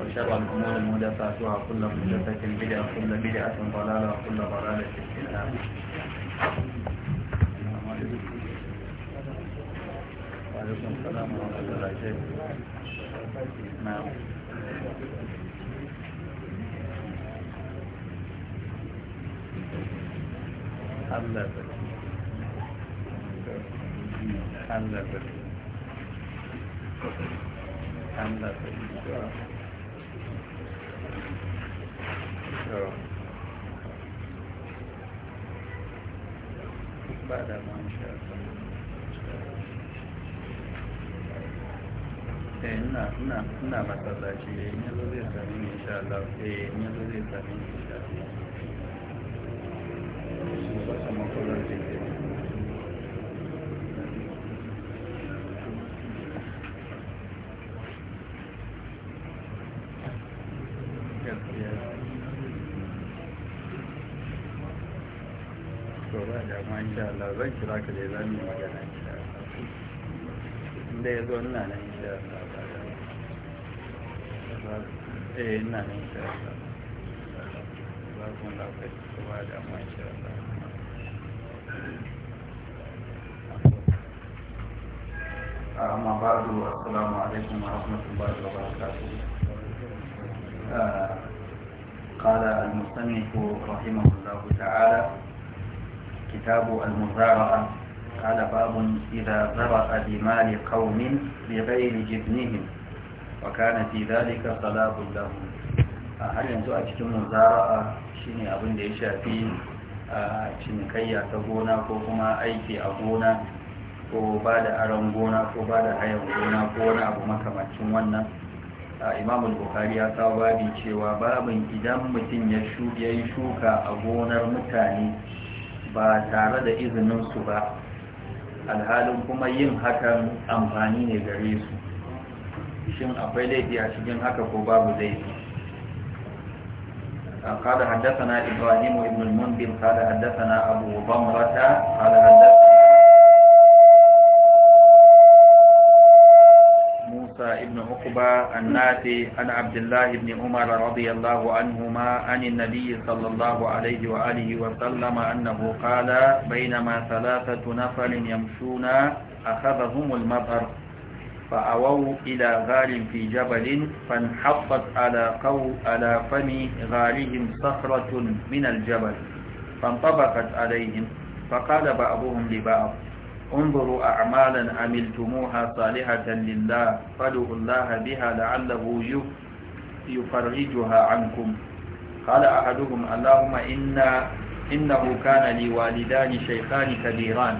وشر الأمور مهدفاتها كل مهدفة بدعة كل بدعة ضلالة وكل ضلالة في النار وعليكم السلام ورحمة الله نعم Allah Allah Allah Allah ba da eh, ina ina masallaci da zai sami insha Allah eh zai sami insha Allah ba kullum insha Allah zan kira ka dai zan yi magana insha Allah inda ya zo ina nan insha Allah eh ina nan insha Allah ba ku da kai kuma da mu insha Allah amma ba du assalamu alaikum wa rahmatullahi wa barakatuh قال المصنف رحمه الله تعالى كتاب المزارعة قال باب إذا ذرأ بمال قوم بغير جبنهم وكان في ذلك صلاة لهم هل ينزو أجتم مزارعة شيني أبن ديشا في cinikayya ta gona ko kuma aiki a gona ko ba da aron gona ko ba da hayan gona ko wani abu makamacin wannan A imamul bukari ya kawo babi cewa babin idan mutum ya yi shuka a gonar mutane ba tare da izininsu ba alhalin kuma yin hakan amfani ne gare su shin akwai laifi a cikin haka ko babu laifi قال حدثنا إبراهيم بن المنذر قال حدثنا أبو ضمرة قال حدثنا بن عقبة الناتي عن عبد الله بن عمر رضي الله عنهما عن النبي صلى الله عليه وآله وسلم أنه قال بينما ثلاثة نفر يمشون أخذهم المطر فأووا إلى غار في جبل فانحطت على قو على فم غارهم صخرة من الجبل فانطبقت عليهم فقال بعضهم لبعض انظروا أعمالا عملتموها صالحة لله فادعوا الله بها لعله يفرجها عنكم قال أحدهم اللهم إنا إنه كان لي والدان شيخان كبيران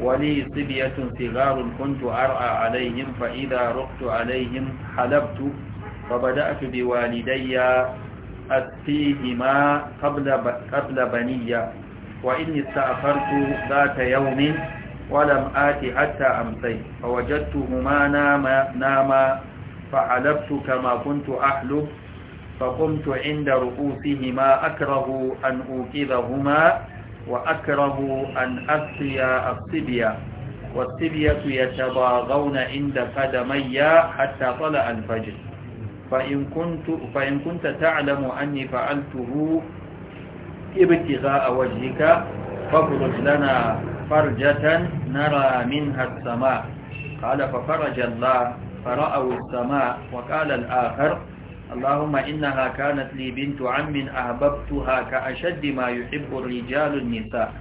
ولي صبية صغار كنت أرعى عليهم فإذا رقت عليهم حلبت فبدأت بوالدي أتيهما قبل, قبل بنية وإني استأخرت ذات يوم ولم آتي حتى أمسيت فوجدتهما ناما, ناما فحلبت كما كنت أحلب فقمت عند رؤوسهما أكره أن أوكذهما وأكره أن أسقي الصبية والصبية يتباغون عند قدمي حتى طلع الفجر فإن كنت, فإن كنت تعلم أني فعلته ابتغاء وجهك فاخرج لنا فرجة نرى منها السماء قال ففرج الله فرأوا السماء وقال الآخر اللهم إنها كانت لي بنت عم أحببتها كأشد ما يحب الرجال النساء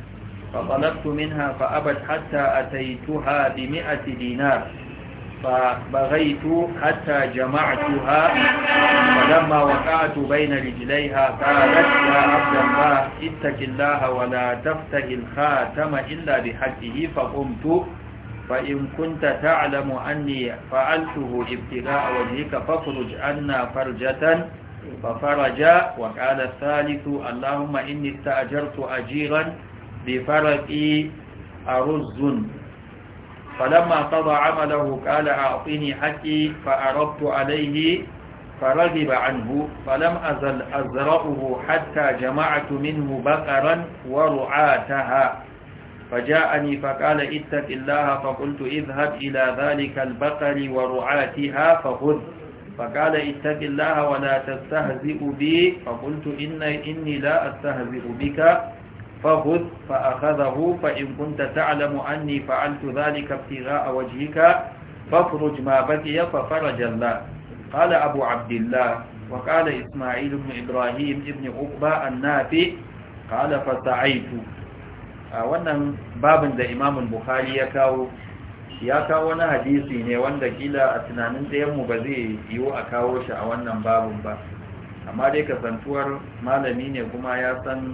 فطلبت منها فأبت حتى أتيتها بمئة دينار فبغيت حتى جمعتها فلما وقعت بين رجليها قالت يا عبد الله اتك الله ولا تفتح الخاتم إلا بحقه فقمت فإن كنت تعلم أني فعلته ابتغاء وجهك فافرج عنا فرجة ففرج وقال الثالث اللهم إني استأجرت أجيرا بفرقي أرز فلما قضى عمله قال أعطني حقي فأردت عليه فرغب عنه فلم أزل أزرأه حتى جمعت منه بقرا ورعاتها فجاءني فقال اتق الله فقلت اذهب إلى ذلك البقر ورعاتها فخذ فقال اتق الله ولا تستهزئ بي فقلت إن إني لا أستهزئ بك فخذ فأخذه فإن كنت تعلم أني فعلت ذلك ابتغاء وجهك فاخرج ما بقي ففرج الله قال أبو عبد الله وقال إسماعيل بن إبراهيم بن عقبة النافع قال فسعيت wannan babin da Imam Bukhari ya kawo ya kawo wani hadisi ne wanda kila a tunanin ɗayan mu ba zai yiwu a kawo shi a wannan babin ba amma dai kasantuwar malami ne kuma ya san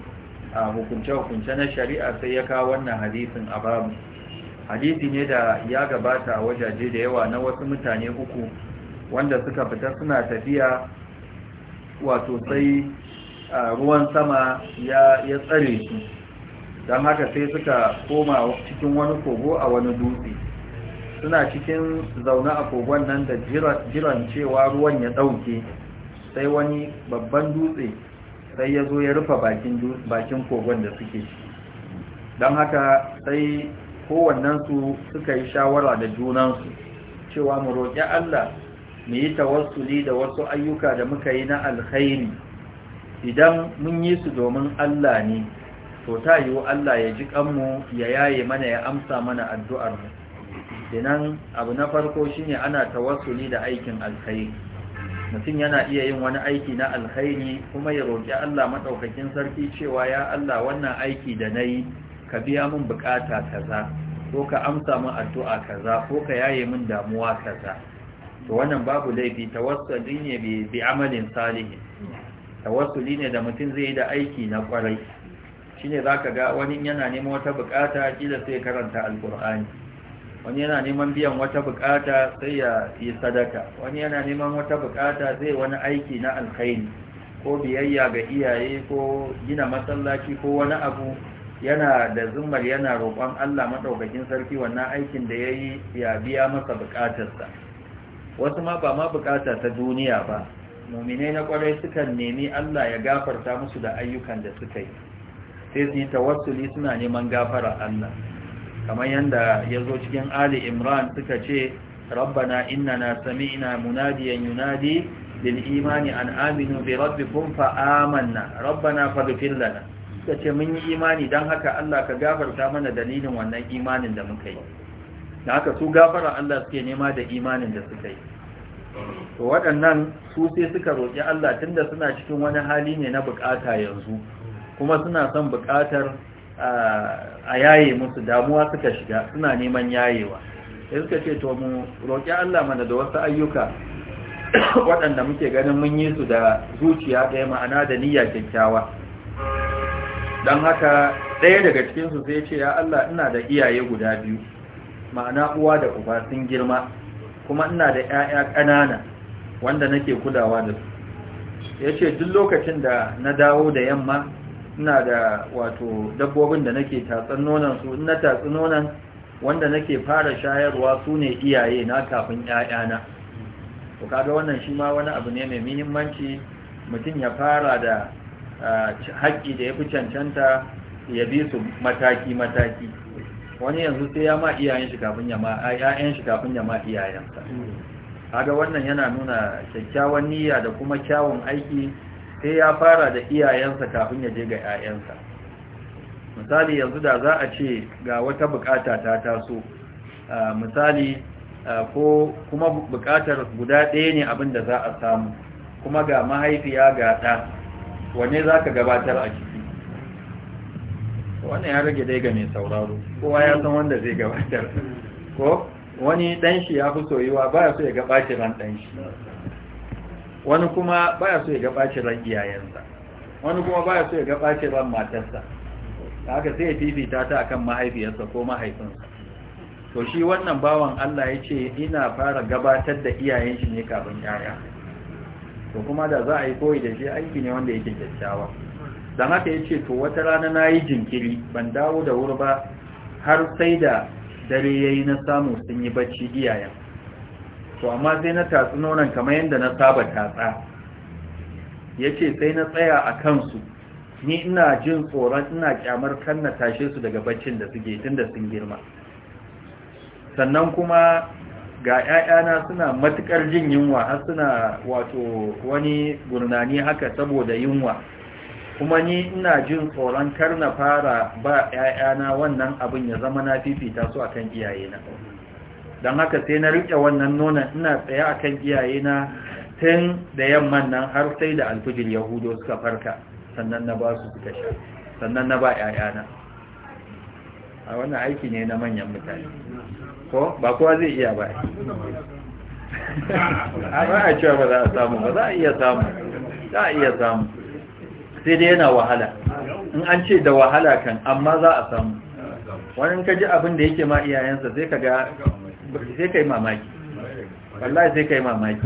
a hukunce-hukunce na shari'a sai ya kawo wannan hadisin a babu hadisi ne da ya gabata a wajaje da yawa na wasu mutane uku wanda suka fita suna tafiya wato sai ruwan sama ya tsare su don haka sai suka koma cikin wani kogo a wani dutse suna cikin zaune a kogon nan da jiran cewa ruwan ya ɗauke sai wani babban dutse sai ya zo ya rufe bakin kogon da suke don haka sai kowannensu suka yi shawara da junansu cewa mu roƙi Allah mu yi tawassuli da wasu ayyuka da muka yi na alkhairi idan mun yi su domin Allah ne to ta yiwu Allah ya ji kanmu ya yaye mana ya amsa mana addu'ar mu dinan abu na farko shine ana tawassuli da aikin alkhairi mutum yana iya yin wani aiki na alkhairi kuma ya roƙi Allah maɗaukakin sarki cewa ya Allah wannan aiki da na yi ka biya min buƙata kaza ko ka amsa min addu'a kaza ko ka yaye min damuwa kaza to wannan babu laifi tawassuli ne bi amalin salihin tawassuli ne da mutum zai yi da aiki na kwarai shine zaka ga wani yana neman wata buƙata kila sai karanta alkur'ani wani yana neman biyan wata bukata sai ya yi sadaka wani yana neman wata bukata zai wani aiki na alkhairi ko biyayya ga iyaye ko gina masallaci ko wani abu yana da zummar yana roƙon Allah madaukakin sarki wannan aikin da yayi ya biya masa bukatarsa wasu ma ba ma bukata ta duniya ba muminai na kwarai sukan nemi Allah ya gafarta musu da ayyukan da suka yi sai su yi tawassuli suna neman gafara Allah kamar yadda ya zo cikin ali imran suka ce rabbana innana sami'na munadiyan yunadi lil imani an aminu bi rabbikum fa amanna rabbana faghfir lana suka ce mun yi imani dan haka Allah ka gafarta mana dalilin wannan imanin da muka yi da haka su gafara Allah suke nema da imanin da suka yi to waɗannan su sai suka roƙi Allah tunda suna cikin wani hali ne na bukata yanzu kuma suna son bukatar a yaye musu damuwa suka shiga suna neman yayewa sai suka ce to mu roƙi Allah mana da wasu ayyuka waɗanda muke ganin mun yi su da zuciya ɗaya ma'ana da niyya kyakkyawa don haka ɗaya daga cikinsu sai ce ya Allah ina da iyaye guda biyu ma'ana uwa da uba sun girma kuma ina da 'ya'ya ƙanana wanda nake kulawa da su ya ce duk lokacin da na dawo da yamma ina da wato dabbobin da nake tatsan nonan su ina tatsan nonan wanda nake fara shayarwa su ne iyaye na kafin 'ya'yana. to kaga wannan shi ma wani abu ne mai muhimmanci mutum ya fara da haƙƙi da ya fi cancanta ya bi su mataki mataki wani yanzu sai ya ma iyayen shi kafin ya ma ƴaƴan shi kafin ya ma iyayensa mm. kaga wannan yana nuna kyakkyawan niyya da kuma kyawun aiki sai ya fara da iyayensa kafin ya je ga 'ya'yansa misali yanzu da za a ce ga wata bukata ta taso misali ko kuma bukatar guda ɗaya ne abin da za a samu kuma ga mahaifiya ga ɗa wane za ka gabatar a ciki wannan ya rage dai ga mai sauraro kowa ya san wanda zai gabatar ko wani ɗanshi ya fi soyuwa ba ya so ya gabatar ran ɗanshi wani kuma baya so ya ga bacin ran iyayensa wani kuma baya so ya ga bacin ran matarsa haka sai ya fifita ta akan mahaifiyarsa ko mahaifinsa to shi wannan bawan Allah ya ce ina fara gabatar da iyayen shi ne kafin yaya to kuma da za a yi koyi da shi aiki ne wanda yake kyakkyawa Dan haka ya ce to wata rana na yi jinkiri ban dawo da wuri ba har sai da dare yayi na samu sun yi bacci iyayen to amma sai na tatsi nonon kamar yadda na saba tatsa ya ce sai na tsaya a kansu ni ina jin tsoron ina kyamar kan na tashe su daga baccin da suke tun da sun girma sannan kuma ga 'ya'yana suna matukar jin yunwa har suna wato wani gurnani haka saboda yunwa kuma ni ina jin tsoron kar na fara ba 'ya'yana wannan abin ya zama na fifita su akan iyayena don haka sai na riƙe wannan nuna, ina tsaye a kan na, tun da yamman nan har sai da alfijir yahudo suka farka sannan na ba su suka sha sannan na ba 'ya'yana a wannan aiki ne na manyan mutane ko ba kowa zai iya ba ba a cewa ba za a samu ba za a iya samu za a iya samu sai dai yana wahala in an ce da wahala kan amma za a samu wani ka ji abin da yake ma iyayensa sai ka ga sai kai mamaki wallahi sai kai mamaki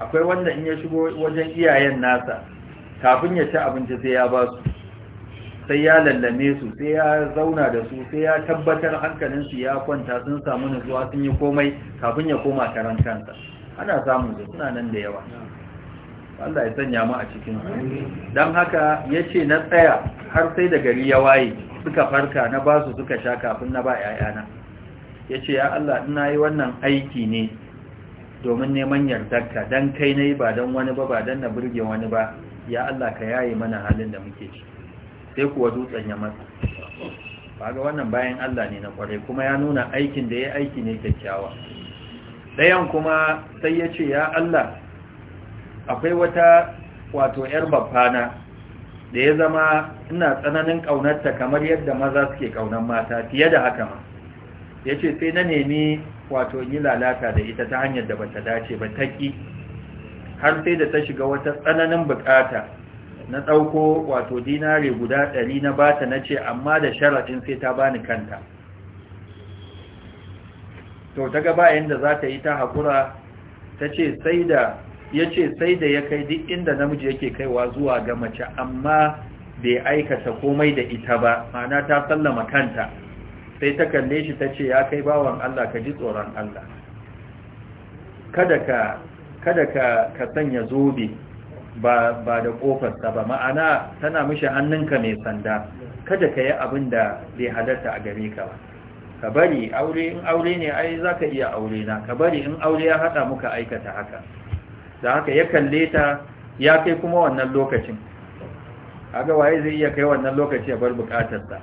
akwai wanda in ya shigo wajen iyayen nasa kafin ya ci abinci sai ya ba su sai ya lallame su sai ya zauna da su sai ya tabbatar hankalinsu ya kwanta sun samu nutsuwa sun yi komai kafin ya koma karan kansa ana samun su suna nan da yawa Allah ya sanya mu a cikin su don haka ya ce na tsaya har sai da gari ya waye suka farka na basu suka sha kafin na ba 'ya'yana ya ce ya Allah ina yi wannan aiki ne domin neman yardarka don kai na yi ba don wani ba ba don na burge wani ba ya Allah ka yaye mana halin da muke ci sai kuwa dutsen ya masa ba ga wannan bayan Allah ne na kwarai kuma ya nuna aikin da ya aiki ne kyakkyawa ɗayan kuma sai ya ce ya Allah akwai wata wato 'yar na da ya zama ina tsananin ƙaunarta kamar yadda maza suke ƙaunar mata fiye da haka ma ya ce sai na nemi wato yi lalata da ita ta hanyar da bata dace ba ta ƙi har sai da ta shiga wata tsananin bukata na ɗauko wato dinare guda ɗari na bata na ce amma da sharaɗin sai ta bani kanta to ta gaba da za ta yi ta haƙura ta sai da ya ce sai da ya kai duk inda namiji yake kaiwa zuwa ga mace amma bai aikata komai da ita ba ma'ana ta sallama kanta sai ta kalle shi ta ce ya kai bawan Allah ka ji tsoron Allah kada ka ka ka sanya zobe ba da kofarsa ba ma'ana tana mishi hannunka mai sanda kada ka yi abin da bai halarta a gare ka ba ka bari aure in aure ne ai zaka iya aure na ka bari in aure ya hada muka aikata haka da haka ya kalle ta ya kai kuma wannan lokacin kaga waye zai iya kai wannan lokaci ya bar bukatarsa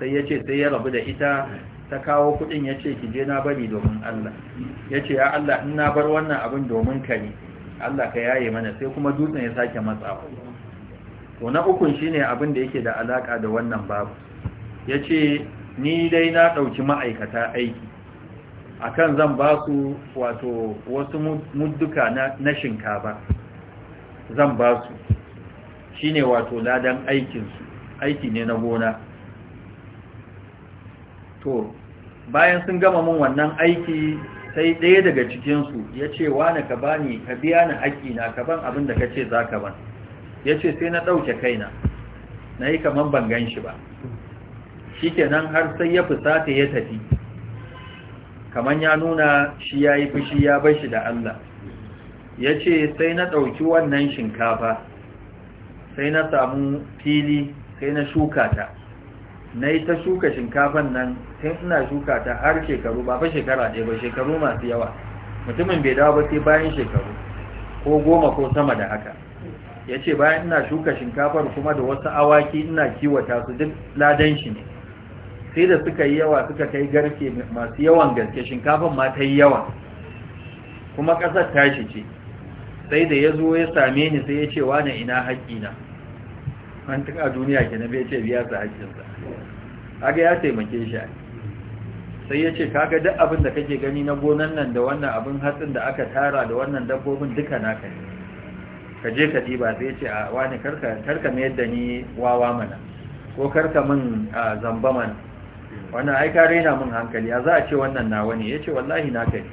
sai ya ce sai ya rabu da ita ta kawo kudin ya ce kije na bari domin Allah ya ce ya Allah in na bar wannan abin domin ka ne Allah ka yaye mana sai kuma dutsen ya sake matsawa to na ukun shine abin da yake da alaka da wannan babu ya ce ni dai na ɗauki ma'aikata aiki akan zan ba su wato wasu mudduka na shinkafa zan ba su shine wato ladan aikinsu aiki ne na gona to bayan sun gama min wannan aiki sai ɗaya daga cikinsu ya ce wani ka ba ni, ka biya ni na ka ban abin da ka ce za ka ban ya ce sai na ɗauke kaina na yi kamar ban gan shi ba shi kenan har sai ya fusata ya tafi kamar ya nuna shi ya yi fushi ya bar shi da Allah ya ce sai na ɗauki wannan shinkafa sai na samu fili sai na shuka ta na yi ta shuka shinkafan nan sai ina shuka ta har shekaru ba fa shekara ɗaya ba shekaru masu yawa mutumin bai dawo ba sai bayan shekaru ko goma ko sama da haka ya ce bayan ina shuka shinkafar kuma da wasu awaki ina kiwata su duk ladan shi ne sai da suka yi yawa suka kai garke masu yawan gaske shinkafar ma ta yi yawa kuma ƙasar tashi ce sai da ya zo ya same ni sai ya ce wane ina haƙƙina an tuka duniya ke na bai ce biya su haƙƙinsa aga ya taimake shi sai ya ce kaga duk abin da kake gani na gonan nan da wannan abin hatsin da aka tara da wannan dabbobin duka naka ne ka je ka ɗiba sai ya ce a wani karka mayar da ni wawa mana ko karka min zamba mana wannan ai ka raina min hankali a za a ce wannan nawa ne ya ce wallahi naka ne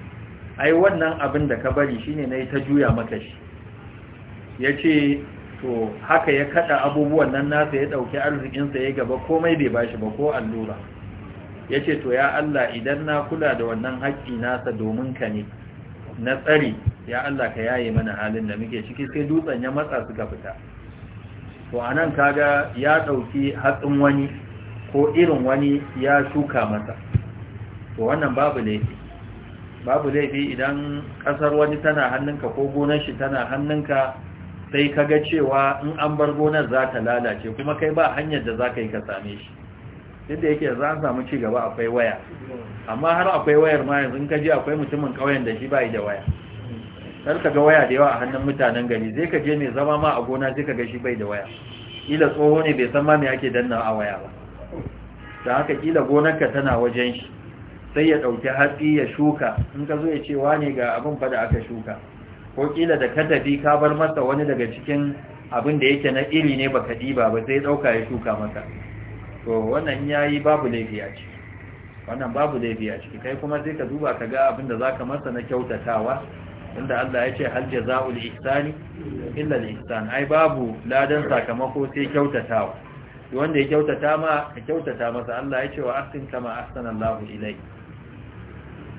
ai wannan abin da ka bari shine na yi ta juya maka shi ya ce to haka ya kada abubuwan nan nasa ya ɗauki arzikinsa ya gaba komai bai bashi ba ko allura ya ce to ya Allah idan na kula da wannan haƙƙi nasa domin ka ne na tsari ya Allah ka yaye mana halin da muke ciki sai dutsen ya matsa suka fita to a nan kaga ya ɗauki hatsin wani ko irin wani ya shuka masa to wannan babu laifi babu laifi idan ƙasar wani tana hannunka ko gonar shi tana hannunka sai kaga cewa in an bar gonar za ta lalace kuma kai ba hanyar da za ka yi ka same shi Yadda yake za an samu ci gaba akwai waya amma har akwai wayar ma yanzu ka je akwai mutumin ƙauyen da shi bai da waya har ka ga waya da yawa a hannun mutanen gari zai ka je mai zama ma a gona sai ka ga shi bai da waya kila tsoho ne bai san ma me ake danna a waya ba da haka kila gonar ka tana wajen shi sai ya ɗauki hatsi ya shuka in ka zo ya ce wane ga abin fa da aka shuka ko kila da ka tafi ka bar masa wani daga cikin abin da yake na iri ne baka ɗiba ba sai ɗauka ya shuka maka to wannan yayi babu laifi a ciki wannan babu laifi a ciki kai kuma sai ka duba ka ga abin da zaka masa na kyautatawa inda Allah ya ce hal jazaa'ul ihsani illa al-ihsan ai babu ladan sakamako sai kyautatawa wanda ya kyautata ma ka kyautata masa Allah ya ce wa ahsin kama ahsana Allahu ilayk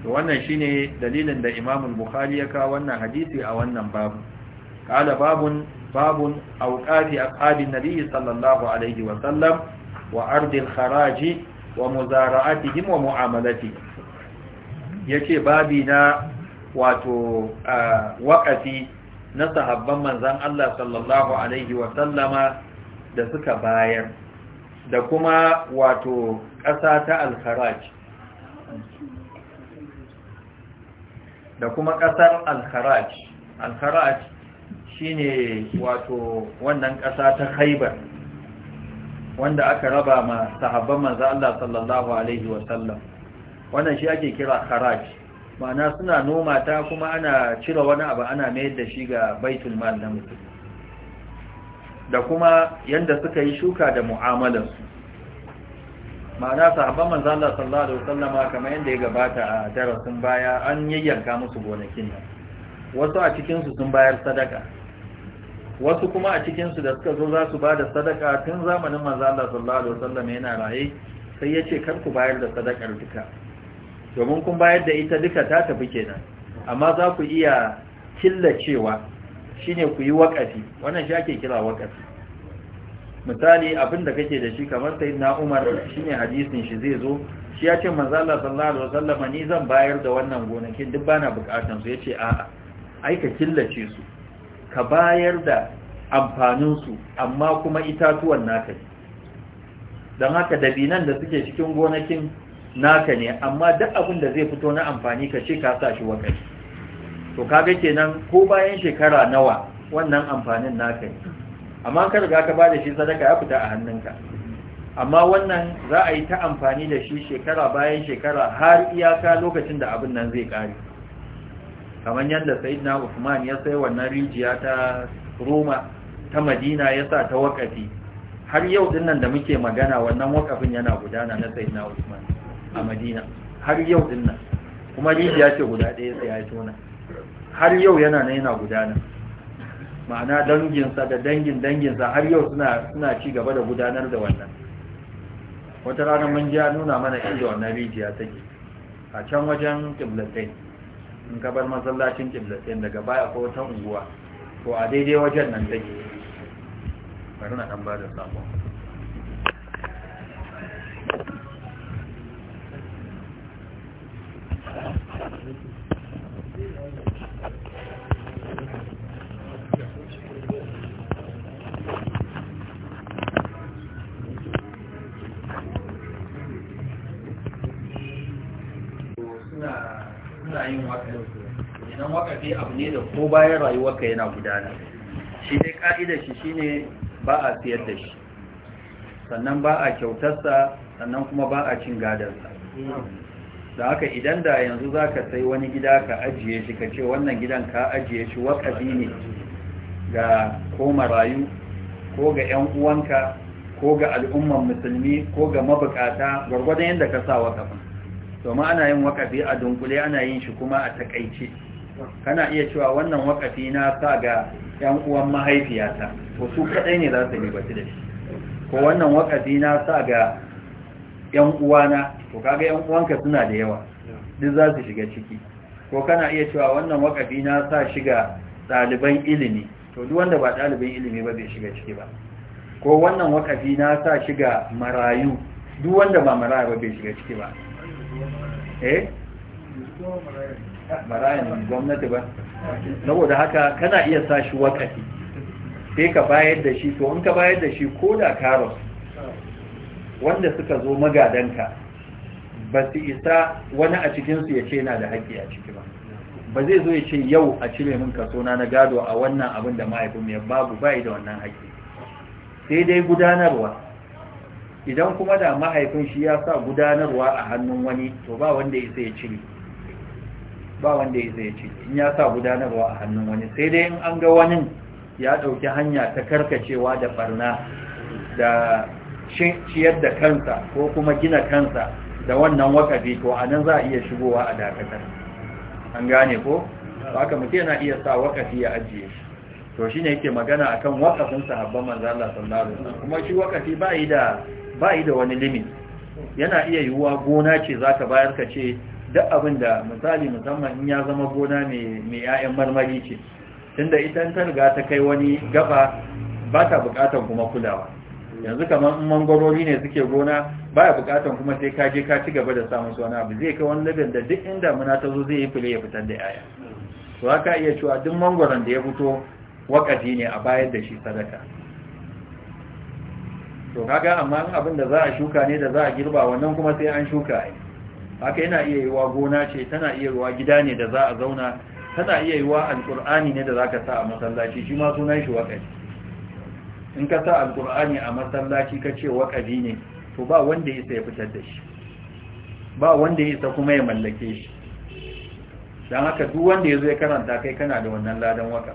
to wannan shine dalilin da Imam al-Bukhari ya kawo wannan hadisi a wannan babu qala babun babun awqati aqabin nabiy sallallahu alaihi wa sallam wa ardil kharaji wa muzara'atihim wa mu'amalati yace babi na wato waƙafi na sahabban manzan Allah sallallahu alaihi wa sallama da suka bayar da kuma wato ƙasa ta alkharaj da kuma ƙasar alkharaj alkharaj shine wato wannan ƙasa ta khaibar wanda aka raba ma sahabban manzo Allah sallallahu alaihi sallam, wannan shi ake kira kharaj ma'ana suna noma ta kuma ana cire wani abu ana mayar da shi ga baitul mal na mutum da kuma yanda suka yi shuka da mu'amalarsu ma'ana sahabban manzo Allah sallallahu alaihi sallam kamar yanda ya gabata a darasin baya an yayyanka musu gonakin nan wasu a cikin su sun bayar sadaka wasu kuma a cikinsu da suka zo za su ba sadaka tun zamanin manzala sallallahu alaihi wasallam yana raye sai ya ce kar ku bayar da sadakar duka domin kun bayar da ita duka ta tafi kenan amma za ku iya killacewa shine ku yi wakafi wannan shi ake kira wakafi misali abin da kake da shi kamar na Umar shine hadisin shi zai zo shi ya ce manzala sallallahu alaihi wasallam ni zan bayar da wannan gonakin duk bana bukatan su yace a'a ai ka killace su ka bayar da amfaninsu amma kuma itatuwan naka ne don haka dabinan da suke cikin gonakin naka ne amma duk abin da zai fito na amfani ka ce ka sa shi wakari to kaga kenan ko bayan shekara nawa wannan amfanin naka ne amma ka riga ka bada shi sadaka ya fita a hannunka amma wannan za a yi ta amfani da shi shekara bayan shekara har iyaka lokacin da abin nan zai ƙare. kamar yadda sayyidina Usman ya sai wannan rijiya ta Roma ta Madina ya sa ta wakafi har yau dinnan da muke magana wannan wakafin yana gudana na sayyidina Usman a Madina har yau dinnan kuma rijiya ce guda ɗaya sai ya tona har yau yana nan yana gudana ma'ana danginsa da dangin danginsa har yau suna suna ci gaba da gudanar da wannan wata rana mun ji nuna mana inda wannan rijiya take a can wajen kiblatain in ka bar masallacin kiblatin daga baya ko wata unguwa ko a daidai wajen nan take bari na dan ba da sa yin wakafi idan wakafi abu ne da ko bayan rayuwarka yana gudana shi dai ka'idar shi shine ba a siyar da shi sannan ba a kyautarsa sannan kuma ba a cin gadarsa da haka idan da yanzu za ka sai wani gida ka ajiye shi ka ce wannan gidan ka ajiye shi wakafi ne ga ko marayu ko ga 'yan uwanka ko ga al'umman musulmi ko ga mabukata gwargwadon yadda ka sa wakafin domin ana yin wakafi a dunkule ana yin shi kuma a takaice kana iya cewa wannan wakafi na sa ga yan uwan mahaifiyata to su kadai ne za su yi bace da shi ko wannan wakafi na sa ga yan uwana to kaga yan uwanka suna da yawa duk za su shiga ciki ko kana iya cewa wannan wakafi na sa shiga ɗaliban ilimi to duk wanda ba ɗaliban ilimi ba bai shiga ciki ba ko wannan wakafi na sa shiga marayu duk wanda ba marayu ba bai shiga ciki ba eh marayan gwamnati ba saboda haka kana iya sa shi wakati sai ka bayar da shi to in ka bayar da shi ko da karos wanda suka zo magadanka ba su isa wani a cikinsu ya ce yana da haƙƙi a ciki ba ba zai zo ya ce yau a cire min kaso na gado a wannan abin da mahaifin ya babu bai da wannan haƙƙi sai dai gudanarwa idan kuma da mahaifin shi ya sa gudanarwa a hannun wani to ba wanda ya sai cire ba wanda ya sai cire in ya sa gudanarwa a hannun wani sai dai in an ga wani ya ɗauki hanya ta karkacewa da barna da ciyar da kansa ko kuma gina kansa da wannan wakafi ko a za a iya shigowa a dakatar an gane ko haka mutum yana iya sa wakafi ya ajiye shi to shi ne yake magana akan wakafin sahabban manzo Allah sallallahu alaihi wasallam kuma shi wakafi ba yi da ba yi da wani limit yana iya yiwuwa gona ce za ka bayar ka ce duk abin da misali musamman in ya zama gona mai 'ya'yan marmari ce tunda ita ta riga ta kai wani gaba ba ta bukatar kuma kulawa yanzu kamar in mangarori ne suke gona ba ya bukatar kuma sai ka je ka ci gaba da samun su abu zai kai wani labin da duk inda muna ta zo zai yi fule ya fitar da 'ya'ya to haka iya cewa duk mangwaron da ya fito wakati ne a bayar da shi sadaka to kaga amma abin da za a shuka ne da za a girba wannan kuma sai an shuka ai haka yana iya yiwa gona ce tana iya yiwa gida ne da za a zauna tana iya yiwa alqur'ani ne da za ka sa a masallaci shi ma sunan shi waqafi in ka sa alqur'ani a masallaci ka ce waqafi ne to ba wanda ya fitar da shi ba wanda ya isa kuma ya mallake shi dan haka duk wanda yazo ya karanta kai kana da wannan ladan waka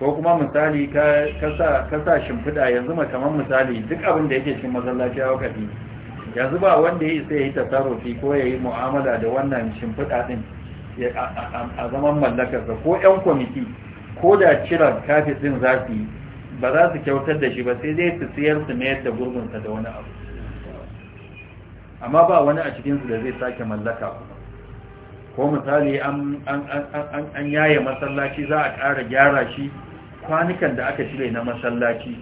ko kuma misali ka sa shimfiɗa yanzu ma kamar misali duk abin da yake cikin masallaci a wakati yanzu ba wanda ya isa ya yi tasarrufi ko ya yi mu'amala da wannan shimfiɗa ɗin a zaman mallakarsa ko 'yan kwamiti ko da ciran kafin ɗin za su yi ba za su kyautar da shi ba sai zai su siyar su mayar da gurbinsa da wani abu amma ba wani a cikinsu da zai sake mallaka kuma ko misali an yaye masallaci za a ƙara gyara shi kwanukan da aka cire na masallaci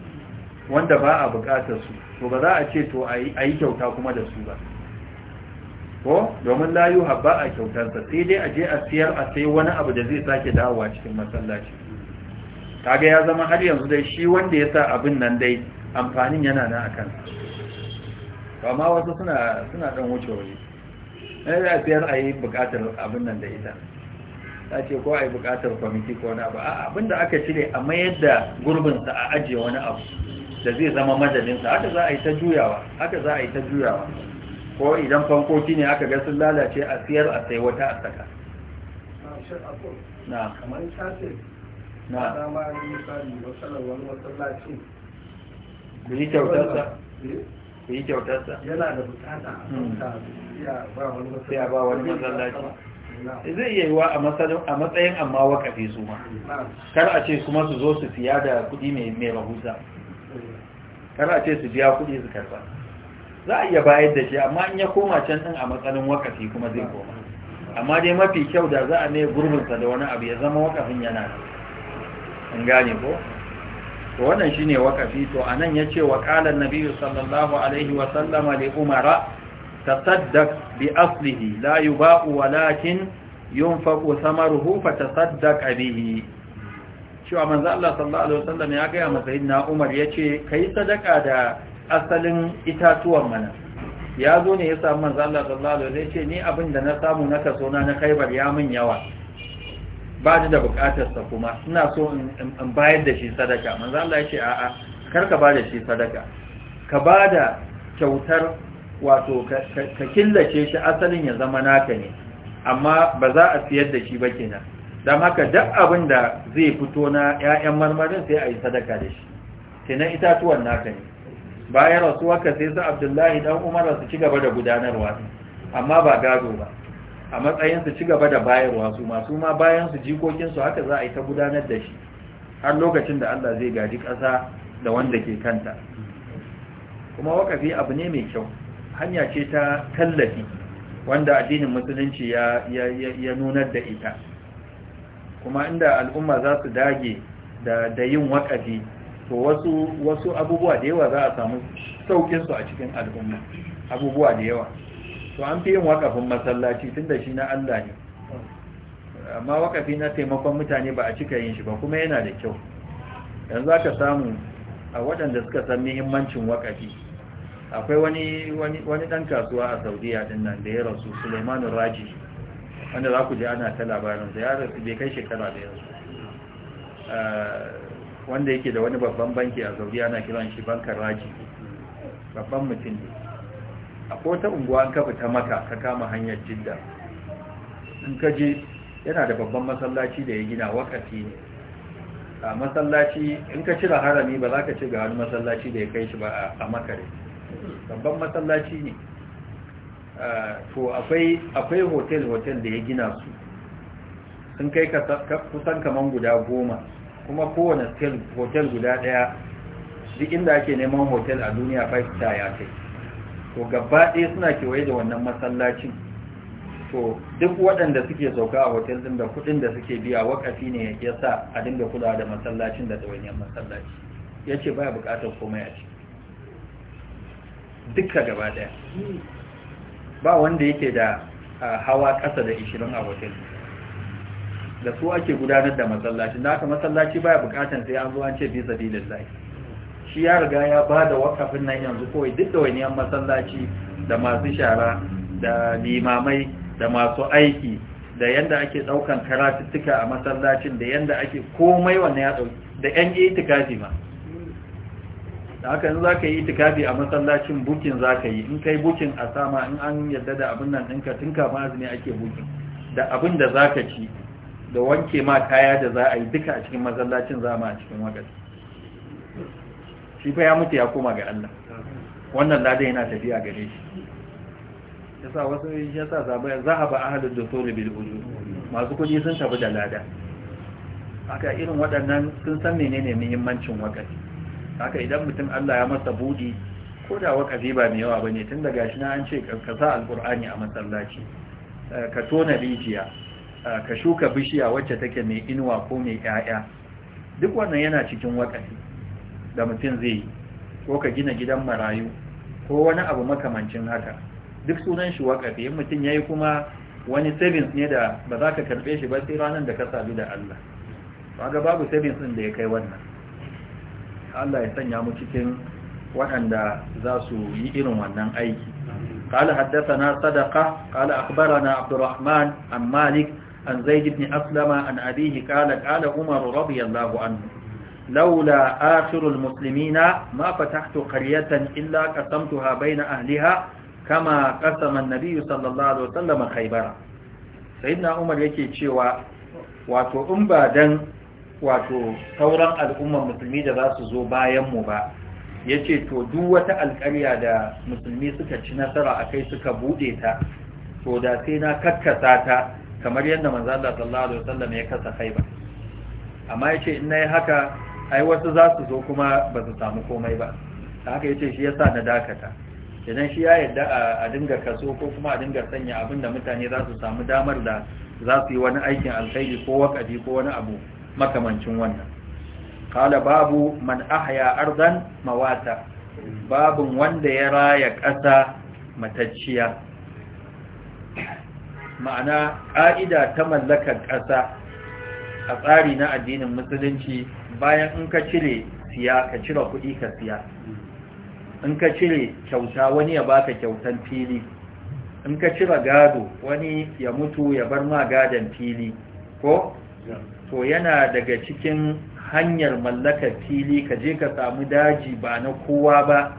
wanda ba a buƙatar su to ba za a ce to a yi kyauta kuma da su ba ko domin layu habba a kyautarsa sai dai a je a siyar a sai wani abu da zai sake dawowa cikin masallaci kaga ya zama har yanzu dai shi wanda ya sa abin nan dai amfanin yana na akan amma wasu suna suna dan wuce waje sai a siyar a yi buƙatar abin nan da ita ta ce ko a yi bukatar kwamiti ko wani abu abinda aka cire a mayar da gurbinsa a ajiye wani abu da zai zama madadinsa haka za a yi ta juyawa haka za a yi ta juyawa ko idan fankoki ne aka ga sun lalace a siyar a sai wata a saka na kamar na dama misali matsalar wani matsalaci ku yi kyautarsa eh? ku yi kyautarsa yana da bukata a hmm. ba wani matsalaci zai iya yiwa a matsayin amma wakafe su ma kar a ce kuma su zo su fiya da kudi mai rahusa kar a ce su biya kudi su karfa za a iya bayar da shi amma in ya koma can din a matsalin wakafi kuma zai koma amma dai mafi kyau da za a ne gurbinsa da wani abu ya zama wakafin yana in gane ko to wannan shine wakafi to anan yace wa qala an-nabi sallallahu alaihi wa sallama li umara tasaddaq bi aslihi la yuba'u walakin yunfaqu thamaruhu fatasaddaq bihi cewa manzo Allah sallallahu alaihi wasallam ya ga masa inna Umar yace kai sadaka da asalin itatuwan mana ya zo ne ya samu manzo Allah sallallahu alaihi wasallam yace ni abin da na samu naka kaso na na Khaibar ya min yawa ba ni da bukatar sa kuma ina so in bayar da shi sadaka manzo Allah yace a'a kar ka ba da shi sadaka ka ba da kyautar wato ka killace shi asalin ya zama naka ne amma ba za a siyar da shi ba kenan don haka duk abin da zai fito na 'ya'yan marmarin sai a yi sadaka da shi kenan itatuwan naka ne bayan ka sai su abdullahi dan umar su ci gaba da gudanarwa amma ba gado ba a matsayin su ci gaba da bayarwa su masu ma bayan su jikokinsu haka za a yi ta gudanar da shi har lokacin da Allah zai gaji ƙasa da wanda ke kanta kuma wakafi abu ne mai kyau hanya ce ta tallafi wanda addinin musulunci ya ya nunar da ita kuma inda al'umma za su dage da yin wakafi to wasu wasu abubuwa da yawa za a samu saukin a cikin al'umma abubuwa da yawa to an fi yin wakafin masallaci tunda shi na Allah ne amma wakafi na taimakon mutane ba a cika yin shi ba kuma yana da kyau yanzu aka samu a waɗanda suka san muhimmancin wakafi akwai wani wani dan kasuwa a Saudiya din nan da ya rasu Suleiman Raji wanda za ku ji ana ta labarin da ya rasu bai kai shekara da ya rasu eh, wanda yake da wani babban banki a Saudiya ana kiran shi bankar Raji babban mutum ne a kota unguwa an kafa ta maka ka kama hanyar Jidda in ka je yana da babban masallaci da ya gina wakati ne a masallaci in ka cira harami ba za ka ci ga wani masallaci da ya kai shi ba a makare babban masallaci ne ah, to akwai hotel-hotel da ya gina su sun kai kusan kaman guda goma kuma kowane hotel guda daya duk inda ake neman hotel a duniya 5 star ya kai to gaba ɗaya suna kewaye da wannan masallacin to duk waɗanda suke sauka a hotel ɗin da kuɗin da suke biya wakafi ne ya sa a dinga kulawa da masallacin da 'yan masallaci ya ce baya buƙatar komai a ciki duka gaba daya ba wanda yake da hawa ƙasa da 20 a hotel da su ake gudanar da masallaci da aka masallaci baya bukatan sai an zo an ce bi sabilillahi shi ya riga ya ba da wakafin nan yanzu kawai duk da wani masallaci da masu shara da limamai da masu aiki da yanda ake daukan karatuttuka a masallacin da yanda ake komai wanda ya dauki da yan itikafi ma da haka yanzu za ka yi itikafi a masallacin bukin za ka yi in kai bukin a sama in an yadda da abin nan ɗinka tun kama azumi ake bukin da abin da za ka ci da wanke ma kaya da za a yi duka a cikin masallacin zama a cikin wakati shi fa ya mutu ya koma ga Allah wannan lada yana tafiya gare shi yasa wasu yasa zaba za a ba da dukuri bil ujur masu kuɗi sun tafi da lada haka irin waɗannan sun san menene muhimmancin wakati haka idan mutum Allah ya masa budi ko da wakazi ba mai yawa bane tun daga shi na an ce ka sa Alƙur'ani a masallaci eh, ka tona rijiya eh, ka shuka bishiya wacce take mai inuwa ko mai ƴaƴa duk wannan yana cikin wakati da mutum zai yi ko ka gina gidan marayu ko wani abu makamancin haka duk sunan shi wakafi in mutum ya yi kuma wani savings ne da ba za ka karɓe shi ba sai ranar da ka sadu da Allah ga babu savings ɗin da ya kai wannan Allah ya sanya mu cikin waɗanda za su yi irin wannan aiki. Ƙala haddasa na sadaka, ƙala akbara na Abdurrahman an Malik an zai gidni aslama an abihi ƙala ƙala Umar radiyallahu anhu. Laula ashirul musulmina ma fatahtu qaryatan illa qasamtuha baina ahliha kama qasama an-nabiy sallallahu alaihi wasallam khaybara sayyidina umar yake cewa wato in ba dan wato sauran al'ummar musulmi da za su zo bayanmu ba ya ce to duk wata alƙarya da musulmi suka ci nasara a kai suka buɗe ta to da sai na kakkasa ta kamar yadda manzala sallallahu alaihi wasallam ya kasa kai ba. amma ya ce in na yi haka ai wasu za su zo kuma ba su samu komai ba da haka ya ce shi ya sa na dakata idan shi ya yarda a dinga kaso ko kuma a dinga sanya abin da mutane za su samu damar da za su yi wani aikin alkhairi ko wakaji ko wani abu makamancin wannan kala babu man ahya ardan mawata babun wanda ya raya ƙasa matacciya ma'ana ƙa'ida ta mallakar ƙasa a tsari na addinin musulunci bayan in ka cire siya ka cire kuɗi ka siya in ka cire kyauta wani ya baka kyautan fili in ka cire gado wani ya mutu ya bar ma gadon fili ko to yana daga cikin hanyar mallakar fili ka je ka samu daji ba na kowa ba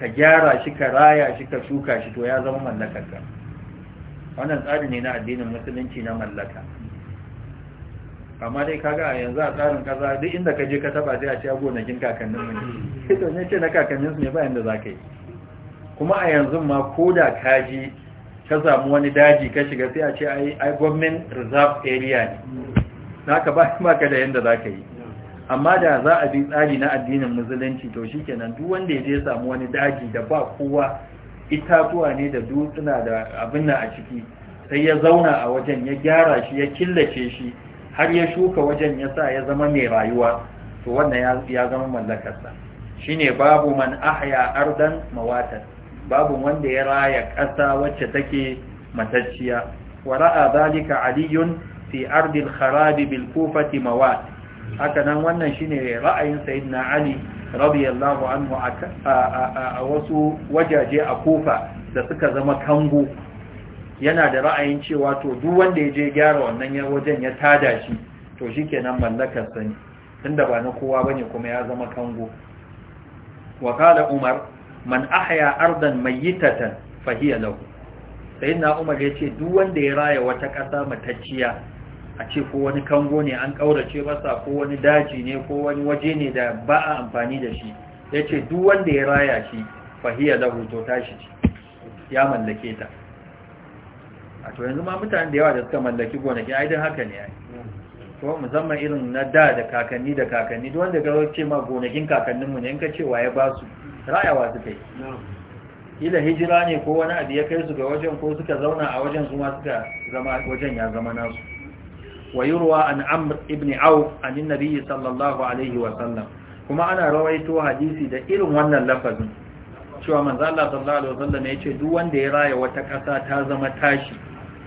ka gyara shi ka raya shi ka shuka shi to ya zama mallakar ka wannan tsari ne na addinin musulunci na mallaka amma dai kaga a yanzu a tsarin kaza duk inda ka je ka taba sai a ce gonakin kakannin mu ne to ne ce na kakannin su ne ba yanda zaka yi kuma a yanzu ma koda ka je ka samu wani daji ka shiga sai a ce ai government reserve area ne haka ba maka da yanda za ka yi amma da za a bi tsari na addinin musulunci to shi kenan duk wanda ya je samu wani daji da ba kowa itatuwa ne da dutsuna da abin nan a ciki sai ya zauna a wajen ya gyara shi ya killace shi har ya shuka wajen ya sa ya zama mai rayuwa to wannan ya zama mallakarsa shine babu man ahya ardan mawatan babu wanda ya raya ƙasa wacce take matacciya wa ra'a zalika aliyun fi ardil kharabi bil kufati mawat haka nan wannan shine ra'ayin sayyidina ali radiyallahu anhu a wasu wajaje a kufa da suka zama kango yana da ra'ayin cewa to duk wanda ya je gyara wannan wajen ya tada shi to shikenan mallakar sani tunda ba na kowa bane kuma ya zama kango wa kala umar man ahya ardan mayyitatan fahiya lahu sayyidina umar yace duk wanda ya raya wata ƙasa matacciya a ce ko wani kango ne an ƙaurace masa ko wani daji ne ko wani waje ne da ba a amfani da shi ya ce duk wanda ya raya shi fahiyar da hoto tashi ce ya mallake ta a to yanzu ma mutane da yawa da suka mallaki gonaki ai don haka ne ya to musamman irin na da da kakanni da kakanni duk wanda garo ce ma gonakin kakanninmu ne in ka ce waye ba su rayawa suka yi ila hijira ne ko wani abu ya kai su ga wajen ko suka zauna a wajen kuma suka zama wajen ya zama nasu ويروى عن عمر ابن عوف عن النبي صلى الله عليه وسلم كما أنا رويت حديثي ده إلو وانا اللفظ شو من ذا الله صلى الله عليه وسلم يتشي دوان دي راية وتكسات هذا متاشي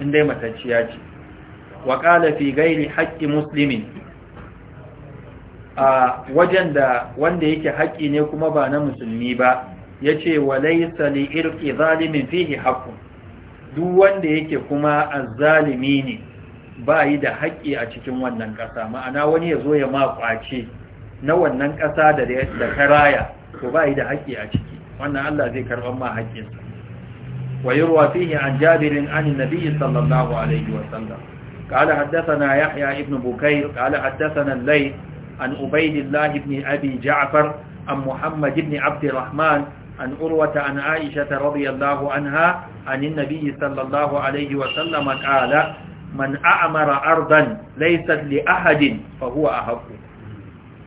اندي متاشياتي وقال في غير حق مسلم وجن wajen وان wanda yake حق ne مبانا مسلمي با musulmi وليس لإرق ظالم فيه حق irki zalimin fihi haƙƙun duk wanda ba yi da haƙƙi a cikin wannan ƙasa ma'ana wani ya zo ya maƙwace na wannan ƙasa da ta raya ko ba yi da haƙƙi a ciki wannan Allah zai karɓar ma haƙƙinsa wayi rufihi an jabirin anin nabiyyi sallallahu alaihi wa sallam qala haddathana yahya ibn bukayr qala haddathana lay an ubaydillah ibn abi ja'far an muhammad ibn abd an urwata an aisha radhiyallahu anha anin nabiyyi sallallahu alaihi wa sallam qala man a'mara ardan laysat li ahadin fa huwa ahqqu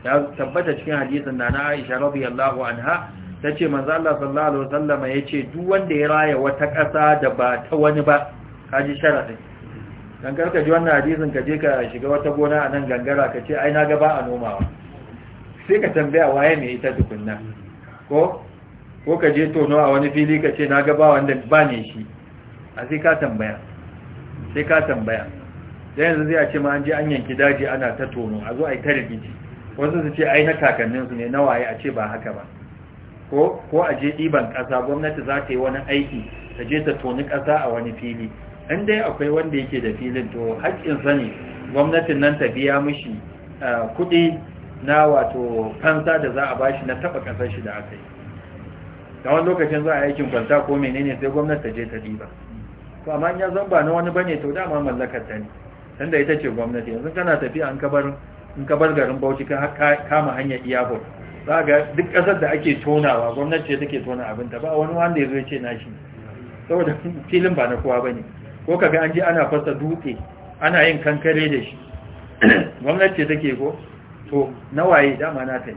ya tabbata cikin hadisin da na Aisha radiyallahu anha tace manzo Allah sallallahu alaihi wasallam yace duk wanda ya raya wata ƙasa da ba ta wani ba kaji sharadin dan karka ji wannan hadisin ka je ka shiga wata gona a nan gangara ka ce ai na ga ba a nomawa sai ka tambaya waye ne ita tukunna ko ko ka je tono a wani fili ka ce na ga ba wanda ba ne shi a sai ka tambaya sai ka tambaya dan yanzu zai ce ma an je an yanki daji ana ta tono a zo ai ta rikici wasu su ce ai na kakannin su ne na waye a ce ba haka ba ko ko a je diban kasa gwamnati za ta yi wani aiki ta je ta toni kasa a wani fili in dai akwai wanda yake da filin to haƙƙin sani ne gwamnatin nan ta biya mishi kuɗi na wato fansa da za a bashi na taɓa kasar shi da aka yi da wani lokacin za a aikin kwanta ko menene sai gwamnati ta je ta diba to amma ya zan ba na wani bane to dama mallakar ta ne tunda ita ce gwamnati yanzu kana tafiya an kabar in kabar garin Bauchi ka kama hanyar iyabo za ga duk kasar da ake tonawa gwamnati ce take tona abin ta ba wani wanda ya zo ya ce nashi saboda filin ba na kowa bane ko kaga an je ana fasa dutse ana yin kankare da shi gwamnati ce take ko to nawaye dama na ta ne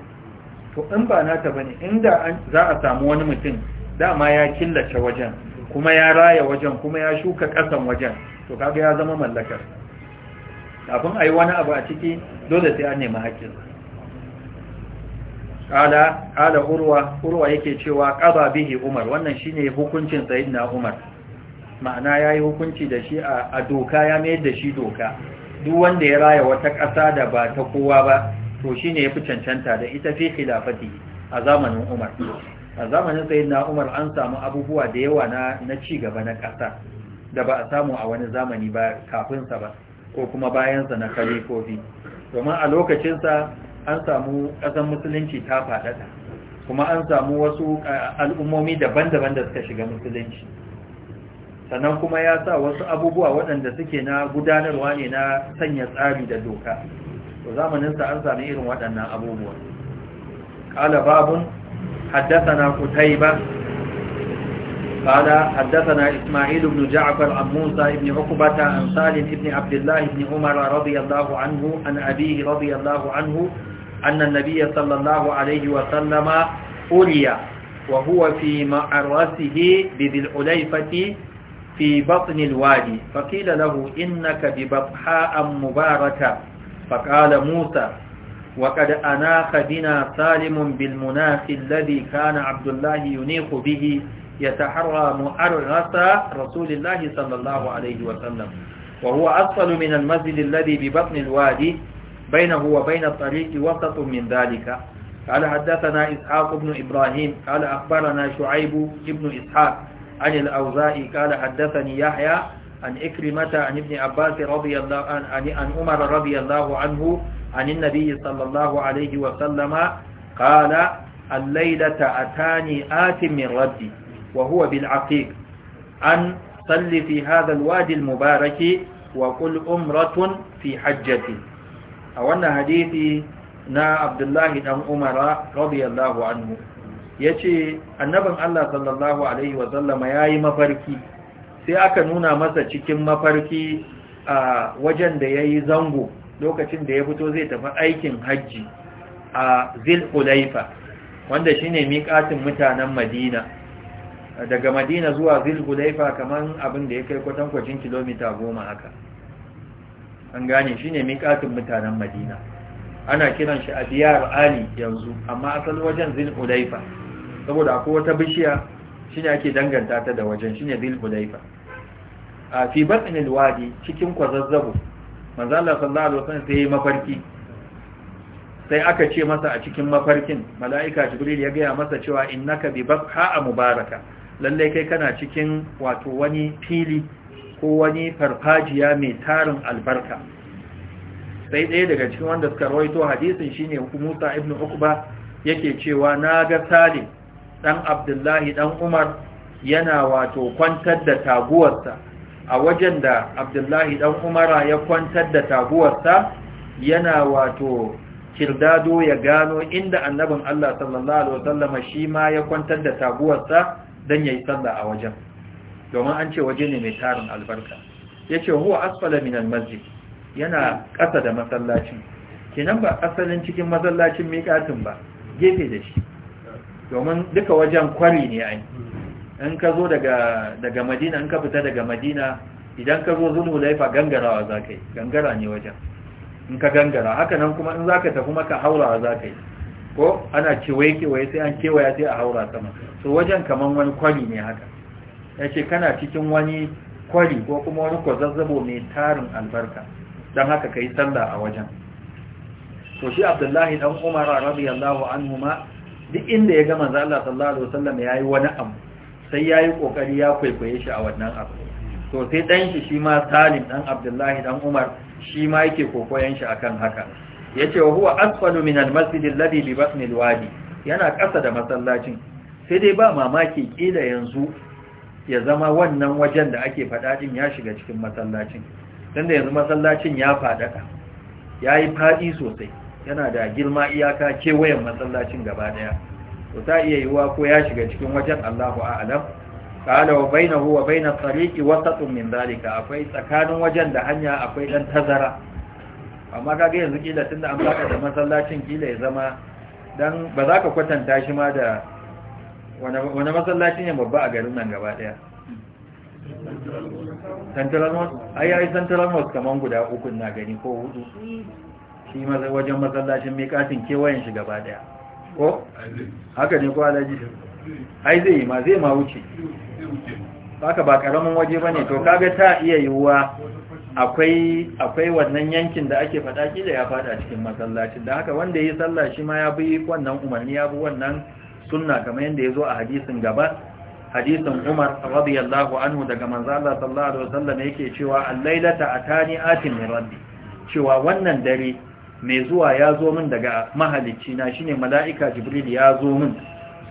to in ba na ta bane inda za a samu wani mutum dama ya killace wajen kuma ya raya wajen kuma ya shuka ƙasan wajen to kaga ya zama mallakar kafin a yi wani abu a ciki dole sai an nemi haƙƙin ƙala urwa urwa yake cewa ƙaba bihi umar wannan shine hukuncin na umar ma'ana ya yi hukunci da shi a doka ya mayar da shi doka duk wanda ya raya wata ƙasa da ba ta kowa ba to shine ya fi cancanta da ita fi khilafati a zamanin umar a zamanin tsayin na umar an samu abubuwa da yawa na ci gaba na ƙasa da ba a samu a wani zamani ba kafinsa ba ko kuma bayansa na kare kofi domin a lokacinsa an samu ƙasar musulunci ta faɗaɗa kuma an samu wasu al'ummomi daban-daban da suka shiga musulunci sannan kuma ya sa wasu abubuwa waɗanda suke na gudanarwa ne na sanya tsari da doka to zamaninsa an sami irin waɗannan abubuwa ƙala babun حدثنا قتيبة قال حدثنا إسماعيل بن جعفر عن موسى بن عقبة عن سالم بن عبد الله بن عمر رضي الله عنه عن أبيه رضي الله عنه أن النبي صلى الله عليه وسلم أولي وهو في معرسه بذي الحليفة في بطن الوادي فقيل له إنك ببطحاء مباركة فقال موسى وقد أناخ بنا سالم بالمناخ الذي كان عبد الله ينيخ به يتحرى مؤرغس رسول الله صلى الله عليه وسلم وهو أصل من المسجد الذي ببطن الوادي بينه وبين الطريق وسط من ذلك قال حدثنا إسحاق بن إبراهيم قال أخبرنا شعيب بن إسحاق عن الأوزائي قال حدثني يحيى عن إكرمة عن ابن عباس رضي الله عن, عن عمر رضي الله عنه عن النبي صلى الله عليه وسلم قال الليلة أتاني آت من ربي وهو بالعقيق أن صل في هذا الوادي المبارك وقل أمرة في حجتي أولنا حديثي نا عبد الله بن عمر رضي الله عنه يجي النبي الله صلى الله عليه وسلم يا مفركي sai aka nuna masa cikin mafarki a wajen da ya yi zango lokacin da ya fito zai tafi aikin hajji a zil Ulaifa, wanda shi ne miƙatin mutanen madina daga madina zuwa zil Ulaifa kamar abin da ya kai kwatankwacin kilomita goma haka an gane shi ne miƙatin mutanen madina ana kiran shi a biyar ali yanzu amma asali wajen zil Ulaifa. saboda akwai wata bishiya shi ne ake danganta ta da wajen shi ne zil a fi batsinil alwadi cikin kwazazzabo manzala sallallahu alaihi wasallam sai mafarki sai aka ce masa a cikin mafarkin mala'ika jibril ya gaya masa cewa innaka bi a mubaraka lalle kai kana cikin wato wani fili ko wani farfajiya mai tarin albarka sai ɗaya daga cikin wanda suka rawaito hadisin shine Musa ibn Ukba yake cewa na ga Salim dan Abdullahi dan Umar yana wato kwantar da taguwarsa a wajen da abdullahi dan umara ya kwantar da taguwarsa yana wato kirdado ya gano inda annabin Allah sallallahu alaihi wasallam shi ma ya kwantar da taguwarsa dan yayi sallah a wajen domin an ce waje ne mai tarin albarka yace huwa asfala min almasjid yana ƙasa da masallacin kenan ba asalin cikin masallacin miƙatin ba gefe da shi domin duka wajen kwari ne ai in ka zo daga madina in ka fita daga madina idan ka zo zulu laifa gangarawa za ka yi gangara ne wajen in ka gangara haka nan kuma in za ka tafi maka haurawa za ka yi ko ana kewaye-kewaye sai an kewaya sai a haura sama so wajen kaman wani kwari ne haka ya ce kana cikin wani kwari ko kuma wani kwazazzabo mai tarin albarka don haka ka yi sallah a wajen to shi abdullahi dan umar radiyallahu anhu ma duk inda ya ga manzo Allah sallallahu alaihi wasallam yayi wani abu sai ya yi ƙoƙari ya kwaikwaye shi a wannan abu to sai ɗan shi shi ma salim ɗan abdullahi ɗan umar shi ma yake kwaikwayen shi akan haka ya ce wa huwa asfalu min almasjidin ladi bi alwadi yana ƙasa da masallacin sai dai ba mamaki kila yanzu ya zama wannan wajen da ake faɗa faɗaɗin ya shiga cikin masallacin dan da yanzu masallacin ya faɗaɗa ya yi faɗi sosai yana da girma iyaka kewayen masallacin gaba ɗaya to ta iya yiwa ko ya shiga cikin wajen Allahu a'lam qala wa bainahu wa bain at-tariqi wasatun min dalika akwai tsakanin wajen da hanya akwai dan tazara amma kaga yanzu kila tunda an baka da masallacin kila ya zama dan ba za ka kwatanta shi ma da wani masallaci ne babba a garin nan gaba daya central mosque ai ai central mosque kaman guda uku na gani ko hudu shi wajen masallacin mikatin kewayen shi gaba daya ko haka ne ko alaji ai zai ma zai ma wuce haka ba karamin waje ba ne, to kaga ta iya yiwuwa akwai akwai wannan yankin da ake fada kila ya faɗa cikin masallacin da haka wanda yi sallah shi ma ya bi wannan umarni ya bi wannan sunna kamar yadda ya zo a hadisin gaba hadisin Umar radiyallahu anhu daga manzo Allah sallallahu alaihi wasallam yake cewa al-lailata atani atin min rabbi cewa wannan dare mai zuwa ya zo min daga mahalicci na shine mala'ika jibril ya zo min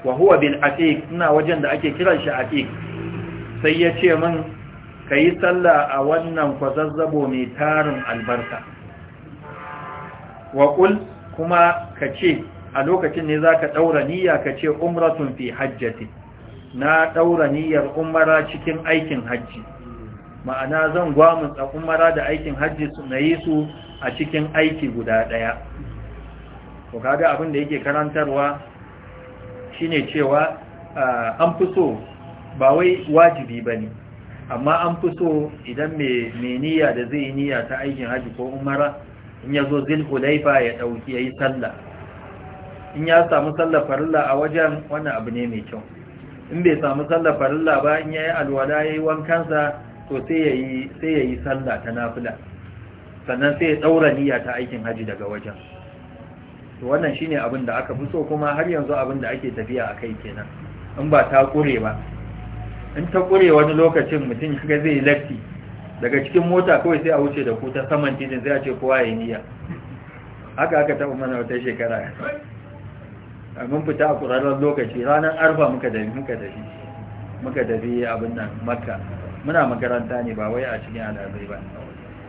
wa huwa bil atiq ina wajen da ake kiran shi atiq sai ya ce min kayi sallah a wannan kwazazzabo mai tarin albarka Waƙul. kuma ka ce a lokacin ne za ka ɗaura niyya ka ce umratun fi hajjati na ɗaura niyyar umara cikin aikin hajji ma'ana zan gwamutsa umara da aikin hajji su yi su a cikin aiki guda ɗaya to kaga abin da yake karantarwa shine cewa an fi so ba wai wajibi ba ne amma an fi so idan mai niyya da zai yi niyya ta aikin haji ko umara in ya zo hulaifa ya ɗauki ya yi sallah in ya samu sallar farilla a wajen wannan abu ne mai kyau in bai samu sallar farilla ba in ya yi alwala ya wankansa to sai ya yi sallah ta nafila sannan sai ya niyya ta aikin hajji daga wajen to wannan shine abin da aka fi so kuma har yanzu abin da ake tafiya a kai kenan in ba ta ƙure ba in ta ƙure wani lokacin mutum kaga zai latti daga cikin mota kawai sai a wuce da ku ta saman titin sai a ce kowa ya yi niyya haka aka taɓa mana wata shekara A mun fita a ƙurarren lokaci ranar arfa muka dafi muka dafi muka dafi abin nan makka muna makaranta ne ba wai a cikin al'adai ba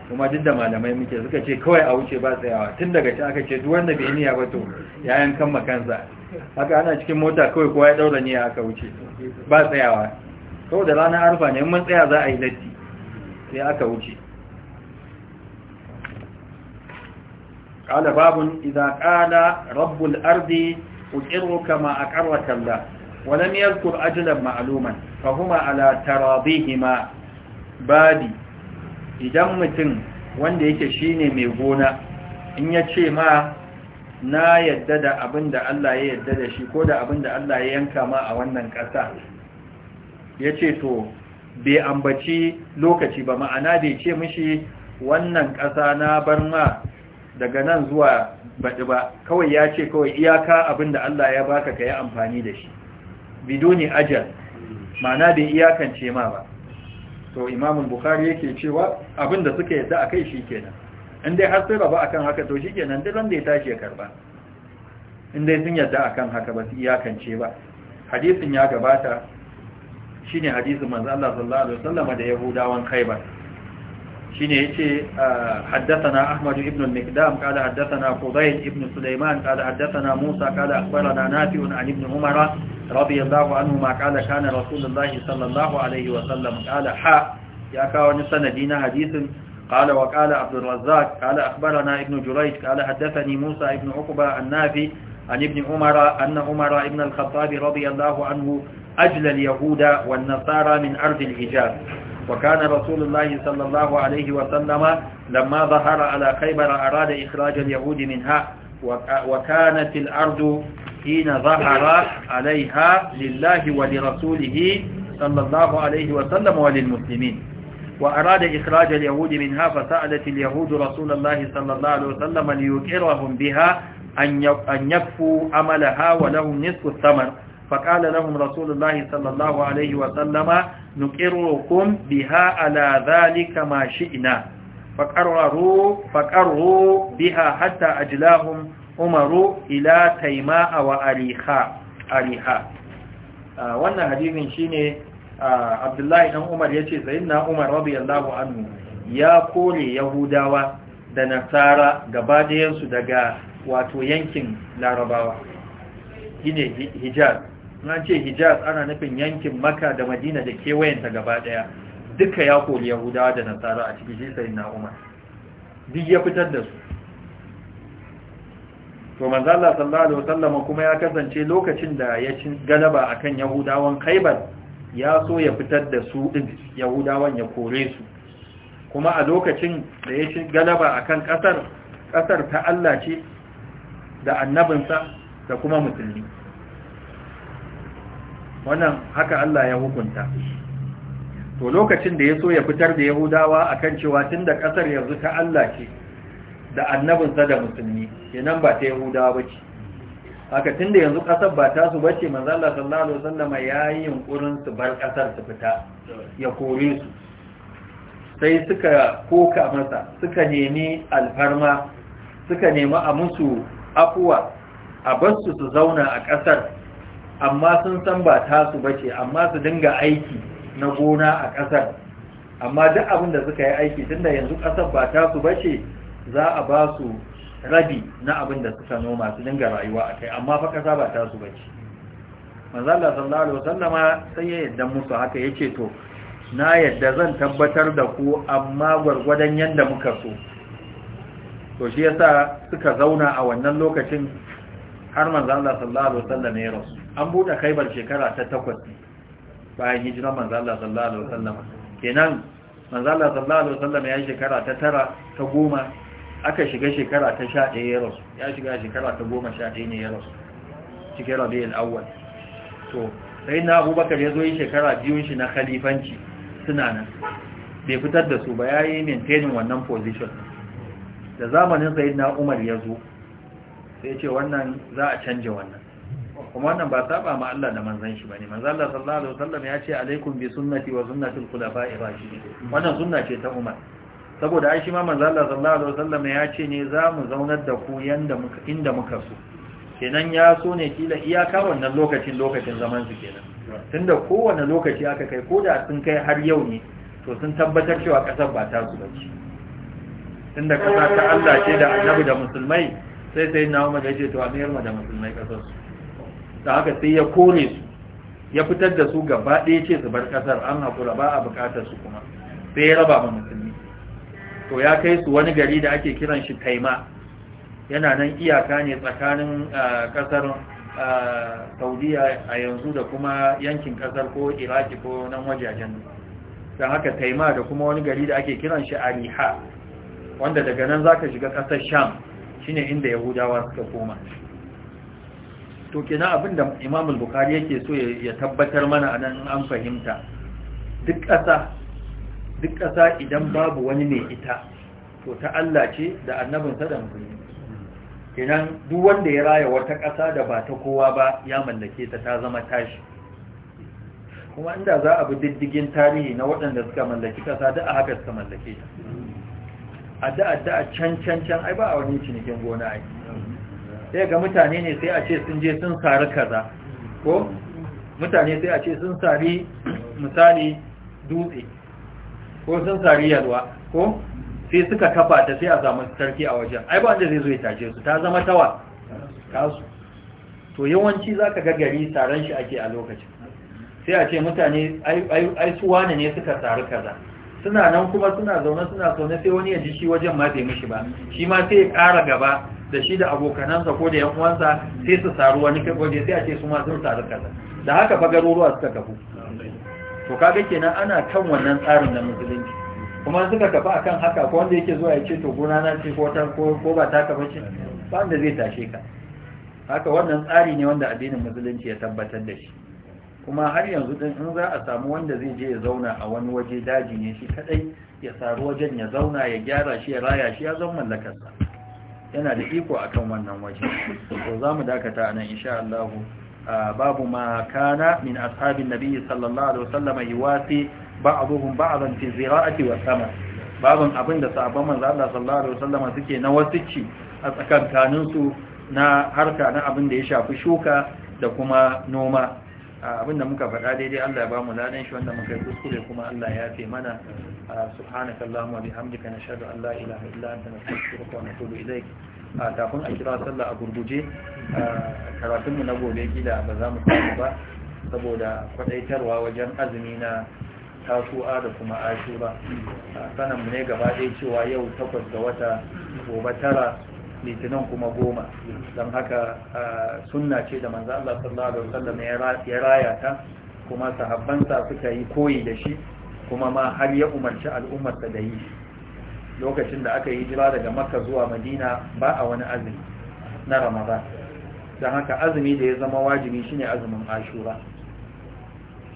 kuma duk da malamai muke suka ce kawai a wuce ba tsayawa tun daga ci aka ce duk wanda bai niyya ba to ya yankan makansa haka ana cikin mota kawai kowa ya daura niyya aka wuce ba tsayawa kawai da ranar arfa ne mun tsaya za a yi latti sai aka wuce idza qala rabbul ardi uqirru kama aqarra kalla wa lam yadhkur يذكر ma'luman fa huma ala tarabihima badi idan mutum wanda yake shine mai gona in ya ce ma na yadda da abin da Allah ya yadda da shi ko da abin da Allah ya yanka ma a wannan ƙasa ya ce to bai ambaci lokaci ba ma'ana bai ce mishi wannan ƙasa na bar ma daga nan zuwa baɗi ba kawai ya ce kawai iyaka abin da Allah ya baka ka yi amfani da shi bidoni ajal ma'ana bai iyakance ma ba to imamun bukhari yake cewa abinda suka yadda a kai shi kenan in dai har sai raba akan haka to shi kenan duk wanda ya tashi ya karba in sun yadda akan haka ba su iyakance ba hadisin ya gabata shine hadisin manzo Allah sallallahu alaihi wasallam da Yahudawan khaybar شين يتي آه، حدثنا أحمد بن المقدام قال حدثنا فضيل بن سليمان قال حدثنا موسى قال أخبرنا نافع عن ابن عمر رضي الله عنهما قال كان رسول الله صلى الله عليه وسلم قال ح يا كاوني سندينا حديث قال وقال عبد الرزاق قال أخبرنا ابن جريج قال حدثني موسى ابن عقبة النافي عن ابن عمر أن عمر ابن الخطاب رضي الله عنه أجل اليهود والنصارى من أرض الحجاز وكان رسول الله صلى الله عليه وسلم لما ظهر على خيبر أراد إخراج اليهود منها وكانت الأرض حين ظهر عليها لله ولرسوله صلى الله عليه وسلم وللمسلمين وأراد إخراج اليهود منها فسألت اليهود رسول الله صلى الله عليه وسلم ليكرهم بها أن يكفوا أملها ولهم نصف الثمن فقال لهم رسول الله صلى الله عليه وسلم نقركم بها على ذلك ما شئنا فقرروا, فقرروا بها حتى أجلاهم عمر إلى تيماء وأريخاء أريخاء wannan hadisin shine Abdullahi dan Umar yace sayyidina Umar radiyallahu anhu ya kore Yahudawa da Nasara gaba daga wato yankin Larabawa shine Hijaz na ce hijaz ana nufin yankin maka da madina da kewayenta gaba daya duka ya koli yahudawa da nasara a cikin shi na umar duk ya fitar da su to manzala sallallahu alaihi wasallam kuma ya kasance lokacin da ya cin galaba akan yahudawan kaibar ya so ya fitar da su din yahudawan ya kore su kuma a lokacin da ya cin galaba akan kasar kasar ta Allah ce da annabinsa da kuma musulmi wannan haka Allah ya hukunta to lokacin da ya so ya fitar da yahudawa akan cewa tun da ƙasar yanzu ta Allah ce da annabinsa da musulmi kenan ba ta yahudawa ba ce haka tun da yanzu ƙasar ba ta su bace manzo Allah sallallahu alaihi wasallam ya yi yunkurin su bar kasar su fita ya kore su sai suka koka masa suka nemi alfarma suka nemi a musu afuwa a bar su zauna a ƙasar amma sun san ba tasu ba ce amma su dinga aiki na gona a ƙasar amma duk abin da suka yi aiki tun da yanzu ƙasar ba tasu ba ce za a ba su rabi na abin da suka noma su dinga rayuwa a kai amma fa ƙasa ba tasu ba ce manzala sallallahu alaihi wasallam sai ya yadda musu haka yace to na yadda zan tabbatar da ku amma gwargwadon yanda muka so to shi yasa suka zauna a wannan lokacin har manzo Allah sallallahu alaihi wasallam ya rasu an bude Khaibar shekara ta 8 bayan hijirar manzo Allah sallallahu alaihi wasallam kenan manzo Allah sallallahu alaihi wasallam ya shekara ta tara, ta goma, aka shiga shekara ta 11 ya rasu ya shiga shekara ta goma 11 ne ya rasu cikin Rabiul Awwal to sai na Abubakar ya zo yi shekara biyun shi na khalifanci suna nan bai fitar da su ba yayi maintaining wannan position da zamanin sayyidina Umar ya zo sai ce wannan za a canje wannan kuma wannan ba saba ma Allah da manzon shi bane manzon Allah sallallahu alaihi wasallam ya ce alaikum bi sunnati wa sunnati al-khulafa'i rashidin wannan sunna ce ta Umar saboda ai shi ma manzon Allah sallallahu alaihi wasallam ya ce ne za mu zaunar da ku yanda muka inda muka so kenan ya so ne kila iyaka wannan lokacin lokacin zaman su kenan tunda kowane lokaci aka kai koda sun kai har yau ne to sun tabbatar cewa kasar ba ta zuba ce tunda kasa ta Allah ce da annabi da musulmai sai sai na umar ya ce to a da musulmai kasar su da haka sai ya kore su ya fitar da su gaba ɗaya ce su bar kasar an haƙura ba a buƙatar su kuma sai ya raba ma musulmi to ya kai su wani gari da ake kiran shi taima yana nan iyaka ne tsakanin kasar saudiya a yanzu da kuma yankin kasar ko iraki ko nan wajajen don haka taima da kuma wani gari da ake kiran shi ariha wanda daga nan za ka shiga ƙasar sham shine inda yahudawa suka koma to kenan abinda imam al-bukhari yake so ya tabbatar mana anan an fahimta duk ƙasa duk ƙasa idan babu wani ne ita to ta Allah ce da annabinsa da musulmi kenan duk wanda ya raya wata ƙasa da ba ta kowa ba ya mallake ta ta zama tashi kuma inda za a bi diddigin tarihi na waɗanda suka mallaki ƙasa duk a haka suka mallake ta adda adda a can can can ai ba a wani cinikin gona ai sai ga mutane ne sai a ce sun je sun sari kaza ko mutane sai a ce sun sari misali dutse ko sun sari yalwa ko sai suka kafa ta sai a samu sarki a wajen ai ba wanda zai zo ya tace su ta zama tawa kasu to yawanci zaka ga gari taron shi ake a lokacin sai a ce mutane ai ai suwane ne suka sari kaza suna nan kuma suna zaune suna zaune sai wani ya ji shi wajen ma bai mishi ba shi ma sai ya ƙara gaba da shi da abokanansa ko da yan'uwansa sai su saru wani waje sai a ce su ma sun saru kaza da haka fa garuruwa suka kafu to kaga kenan ana kan wannan tsarin na musulunci kuma suka kafa akan haka ko wanda yake zuwa ya ce to gona na ce ko ta ko ba ta kafa ce ba wanda zai tashe ka haka wannan tsari ne wanda addinin musulunci ya tabbatar da shi kuma har yanzu ɗin in za a samu wanda zai je ya zauna a wani waje daji ne shi kadai ya saru wajen ya zauna ya gyara shi ya raya shi ya zama mallakarsa yana da iko akan wannan waje to za mu dakata a nan insha Allah babu ma kana min ashabin nabi sallallahu alaihi wasallam yuwasi ba'dhum ba'dan fi zira'ati wa sama babun abin da sahabban manzo Allah sallallahu alaihi wasallam suke na wasici a su na harka na abin da ya shafi shuka da kuma noma abinda muka faɗa daidai Allah ya bamu ladan shi wanda muka yi kuskure kuma Allah ya yafe mana subhanaka allahumma bihamdika nashhadu an la ilaha illa anta nastaghfiruka wa natubu ilaik kafin a kira sallah a gurguje karatun mu na gobe gida ba za mu samu ba saboda kwadaitarwa wajen azumi na tasu'a da kuma ashura sanan mu ne gaba ɗaya cewa yau takwas ga wata gobe tara litinin kuma goma don haka sunna ce da manzan Allah sallallahu alaihi wasallam ya raya ta kuma sahabbansa suka yi koyi da shi kuma ma har ya umarci al'ummarsa da yi lokacin da aka yi jira daga makka zuwa madina ba a wani azumi na ramadan don haka azumi da ya zama wajibi shine azumin ashura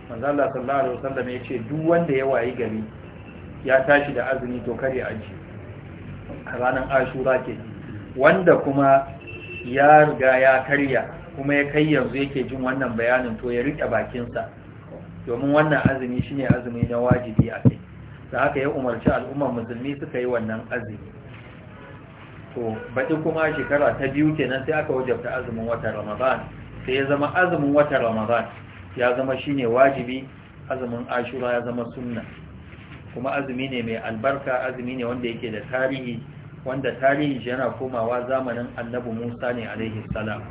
manzan Allah sallallahu alaihi wasallam ya ce duk wanda ya wayi gari ya tashi da azumi to kare aji ranar ashura ke wanda kuma ya riga ya karya kuma ya kai yanzu yake jin wannan bayanin to ya riƙe bakinsa domin wannan azumi shine azumi na wajibi a kai da haka ya umarci al'ummar musulmi suka yi wannan azumi to baɗi kuma shekara ta biyu kenan sai aka wajabta azumin watan ramadan sai ya zama azumin watan ramadan ya zama shine wajibi azumin ashura ya zama sunna kuma azumi ne mai albarka azumi ne wanda yake da tarihi wanda tarihi yana komawa zamanin annabi Musa ne alaihi salam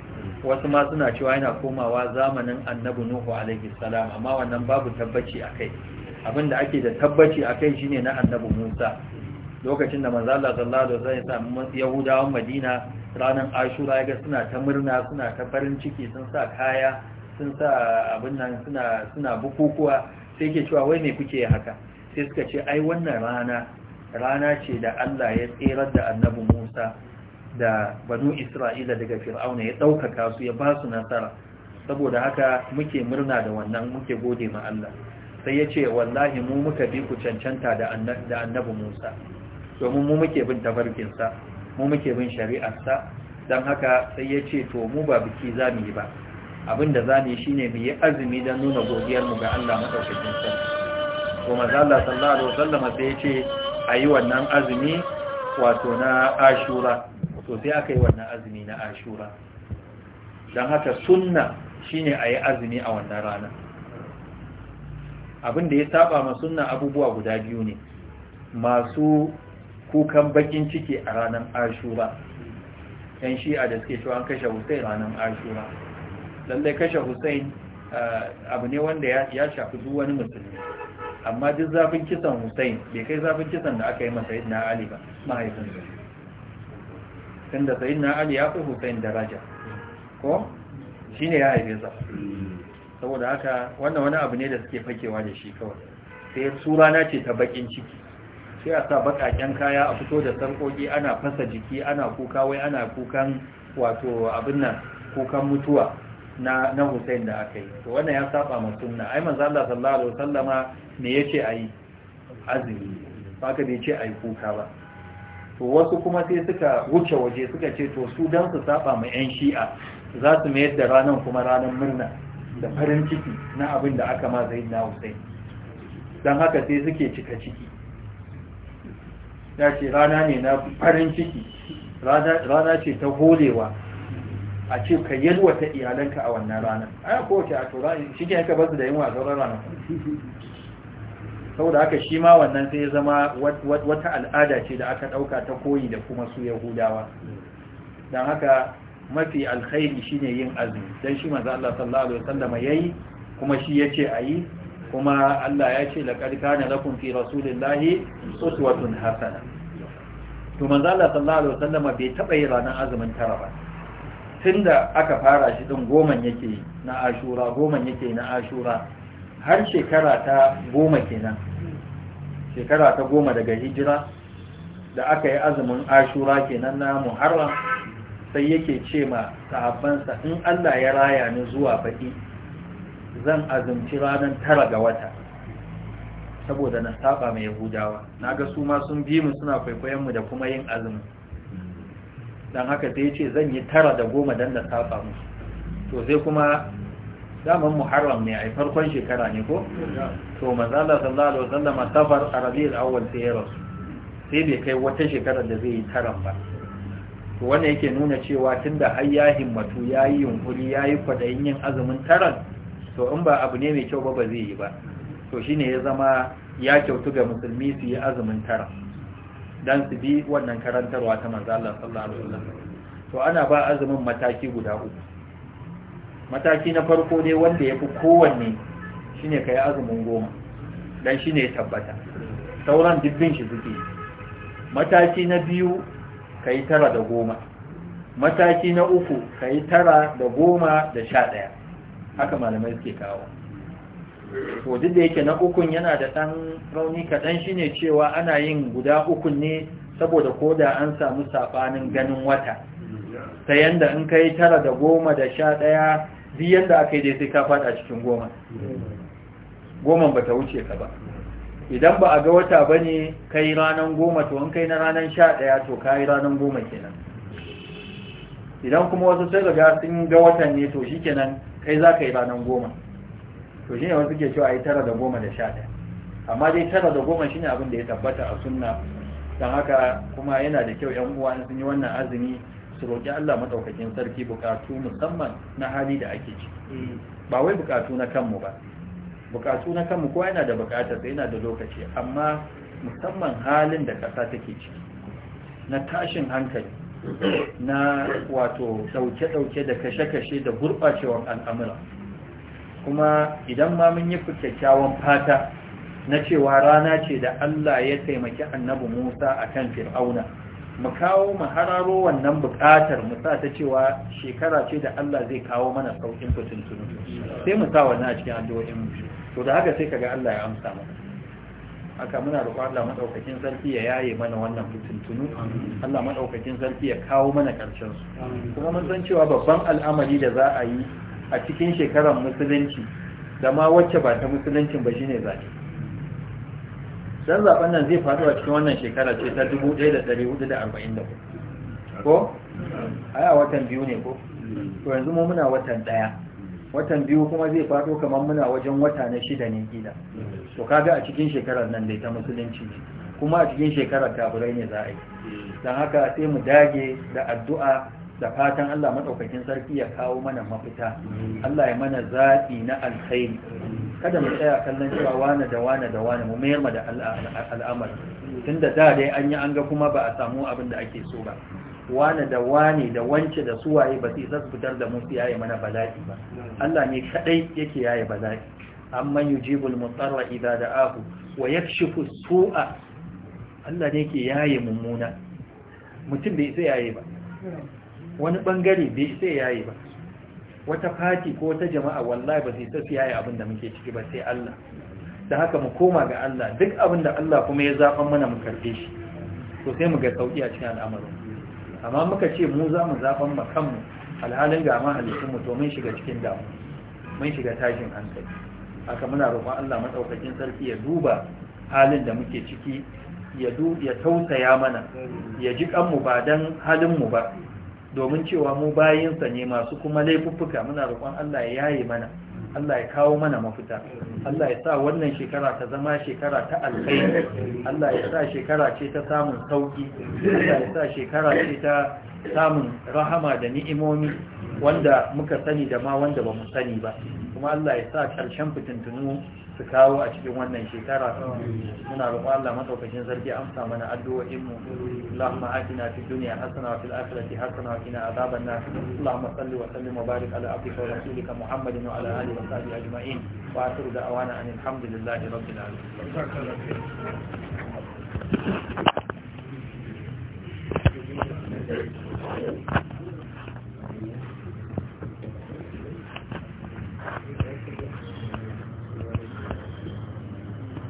wasu ma suna cewa yana komawa zamanin annabi Nuhu alaihi salam amma wannan babu tabbaci akai abinda ake da tabbaci akai shine na annabi Musa lokacin da manzo Allah sallallahu alaihi wasallam Yahudawan Madina ranan Ashura ga suna ta murna suna ta farin ciki sun sa kaya sun sa abin nan suna suna bukukuwa sai ke cewa wai me kuke haka sai suka ce ai wannan rana rana ce da Allah ya tserar da annabi Musa da banu Isra'ila daga Fir'auna ya ɗaukaka su ya ba su nasara saboda haka muke murna da wannan muke gode ma Allah sai ya ce wallahi mu muka bi ku cancanta da annabi Musa domin mu muke bin tafarkinsa, mu muke bin shari'arsa don haka sai ya ce to mu ba biki za mu yi ba abinda za mu yi shine mu yi azumi don nuna godiyarmu ga Allah madaukakin sarki Kuma manzo Allah sallallahu alaihi wasallam sai ya ce a yi wannan azumi wato na ashura to sai aka yi wannan azumi na ashura don haka sunna shine a yi azumi a wannan rana abin da ya saba ma sunna abubuwa guda biyu ne masu kukan bakin ciki a ranar ashura yan shi'a da suke cewa an kashe hussein ranar ashura lallai kashe hussein eh, abu ne wanda ya shafi duk wani musulmi amma duk zafin kisan Hussein bai kai zafin kisan da aka yi masa Sayyidina Ali ba mahaifinsa tunda Sayyidina Ali ya fi Hussein daraja ko Shi ne ya haife sa saboda haka wannan wani abu ne da suke fakewa da shi kawai sai su rana ce ta bakin ciki sai a sa bakaken kaya a fito da sarkoki ana fasa jiki ana kuka wai ana kukan wato abin nan kukan mutuwa na na Hussein da aka yi to wannan ya saba ma sunna ai manzo Allah sallallahu alaihi wasallama me yace ai azumi baka bai yace ayi kuka ba to wasu kuma sai suka wuce waje suka ce to su dan su saba ma yan shi'a za su mayar da ranan kuma ranan murna da farin ciki na abin da aka ma na Hussein dan haka sai suke cika ciki ya ce rana ne na farin ciki rana ce ta holewa a ce ka yalwata iyalanka a wannan ranar ana kowace a turai shi ke aka basu da yin wasan ranar saboda haka shi ma wannan sai ya zama wata al'ada ce da aka ɗauka ta koyi da kuma su yahudawa don haka mafi alkhairi shine yin azumi don shi maza Allah sallallahu alaihi ya yi kuma shi ya ce a yi kuma Allah ya ce laqad kana lakum fi rasulillahi uswatun hasana to manzo Allah sallallahu alaihi wasallam bai taɓa yi ranar azumin tara ba tun da aka fara shi ɗin goman yake na ashura goma yake na ashura har shekara ta goma kenan shekara ta goma daga hijira da aka yi azumin ashura kenan na muharram sai yake ce ma sahabbansa in Allah ya raya ni zuwa baɗi zan azumci ranar tara ga wata saboda na saba mai yahudawa na ga su ma sun bi mu suna kwaikwayon mu da kuma yin azumin don haka sai ce zan yi tara da goma don da safa musu to sai kuma daman muharram ne a farkon shekara ne ko to manzala sallallahu alaihi wasallam safar arabil awwal sai rasu sai bai kai wata shekara da zai yi taran ba to wanda yake nuna cewa tunda har ya himmatu yayi yunkuri yayi kwadayin yin azumin taran to in ba abu ne mai kyau ba ba zai yi ba to shine ya zama ya kyautu ga musulmi su yi azumin taran dan su bi wannan karantarwa ta manzo Allah sallallahu alaihi to ana ba azumin mataki guda uku mataki na farko ne wanda yafi kowanne shine kai azumin goma dan shine ya tabbata sauran dubbin shi suke mataki na biyu kai tara da goma mataki na uku kai tara da goma da sha ɗaya haka malamai suke kawo to da yake na ukun yana da ɗan rauni kaɗan shine cewa ana yin guda ukun ne saboda ko da an samu saɓanin ganin wata ta yanda in ka yi tara da goma da sha ɗaya biyan da aka yi dai sai ka faɗa cikin goma goman ba ta wuce ka ba idan ba a ga wata ba ne ka yi ranar goma to in ka na ranar sha ɗaya to ka yi ranar goma kenan idan kuma wasu sai ga sun ga watan ne to shi kenan kai za ka yi ranar goma to shine wasu ke cewa yi tara da goma da sha ɗaya amma dai tara da goma shine abin da ya tabbata a sunna don haka kuma yana da kyau yan uwa sun yi wannan azumi su roƙi Allah madaukakin sarki bukatu musamman na hali da ake ciki ba wai bukatu na kanmu ba bukatu na kanmu kowa yana da sai yana da lokaci amma musamman halin da ƙasa take ciki na tashin hankali na wato ɗauke dauke da kashe-kashe da gurɓacewar al'amura kuma idan ma mun yi kyakkyawan fata na cewa rana ce da Allah ya taimaki annabi Musa akan Fir'auna mu kawo mu hararo wannan buƙatar mu sa ta cewa shekara ce da Allah zai kawo mana saukin fitintunu sai mu sa wannan a cikin addu'o'in mu to da haka sai kaga Allah ya amsa mana haka muna roƙon Allah madaukakin sarki ya yaye mana wannan fitintunu Allah madaukakin sarki ya kawo mana karshen su kuma mun san cewa babban al'amari da za a yi a cikin shekarar musulunci da ma wacce ba ta musuluncin ba shine zaɓe Zan zaɓen nan zai faru a cikin wannan shekarar ce ta 1444 ko aya watan biyu ne ko to yanzu mu muna watan ɗaya. watan biyu kuma zai faɗo kamar muna wajen wata na shida ne gida to kaga a cikin shekarar nan dai ta musulunci ne kuma a cikin shekarar taburai ne za a yi don haka sai mu dage da addu'a da fatan Allah maɗaukakin sarki ya kawo mana mafita Allah ya mana zaɓi na alkhairi kada mu tsaya kallon cewa wane da wane da wane mu mayar da al'amari tunda da dai an yi an ga kuma ba a samu abin da ake so ba wane da wane da wance da suwaye ba su isa su fitar da mu su yaye mana bala'i ba Allah ne kadai yake yaye bala'i amma yujibul mutarra idza da'ahu wa yakshifu su'a Allah ne yake yaye mummuna mutum bai isa yaye ba wani bangare bai sai yayi ba wata fati ko wata jama'a wallahi ba sai sai yayi abin abinda muke ciki ba sai Allah da haka mu koma ga Allah duk abinda Allah kuma ya zaɓan mana mu karɓe shi to sai mu ga sauƙi a cikin al'amarin amma muka ce mu za mu zaɓan ma kanmu alhalin ga ma mu to mun shiga cikin damu mun shiga tashin hankali haka muna roƙon Allah maɗaukakin sarki ya duba halin da muke ciki ya tausaya mana ya ji kanmu ba halin mu ba domin cewa mu bayinsa ne masu kuma laifuffuka muna roƙon Allah ya yaye mana Allah ya kawo mana mafita Allah ya sa wannan shekara ta zama shekara ta alkhairi Allah ya sa shekara ce ta samun sauki Allah ya sa shekara ce ta samun rahama da ni'imomi wanda muka sani da ma wanda ba mu sani ba kuma Allah ya sa karshen fitintunu su kawo a cikin wannan shekara muna roƙon Allah madaukakin sarki amsa mana addu'o'in mu Allahumma atina fid dunya hasana wa fil akhirati hasana wa qina adhaban nar Allahumma salli wa sallim wa barik ala abdika wa rasulika Muhammadin wa ala alihi wa sahbihi ajma'in wa akhiru da'wana anil hamdulillahi rabbil alamin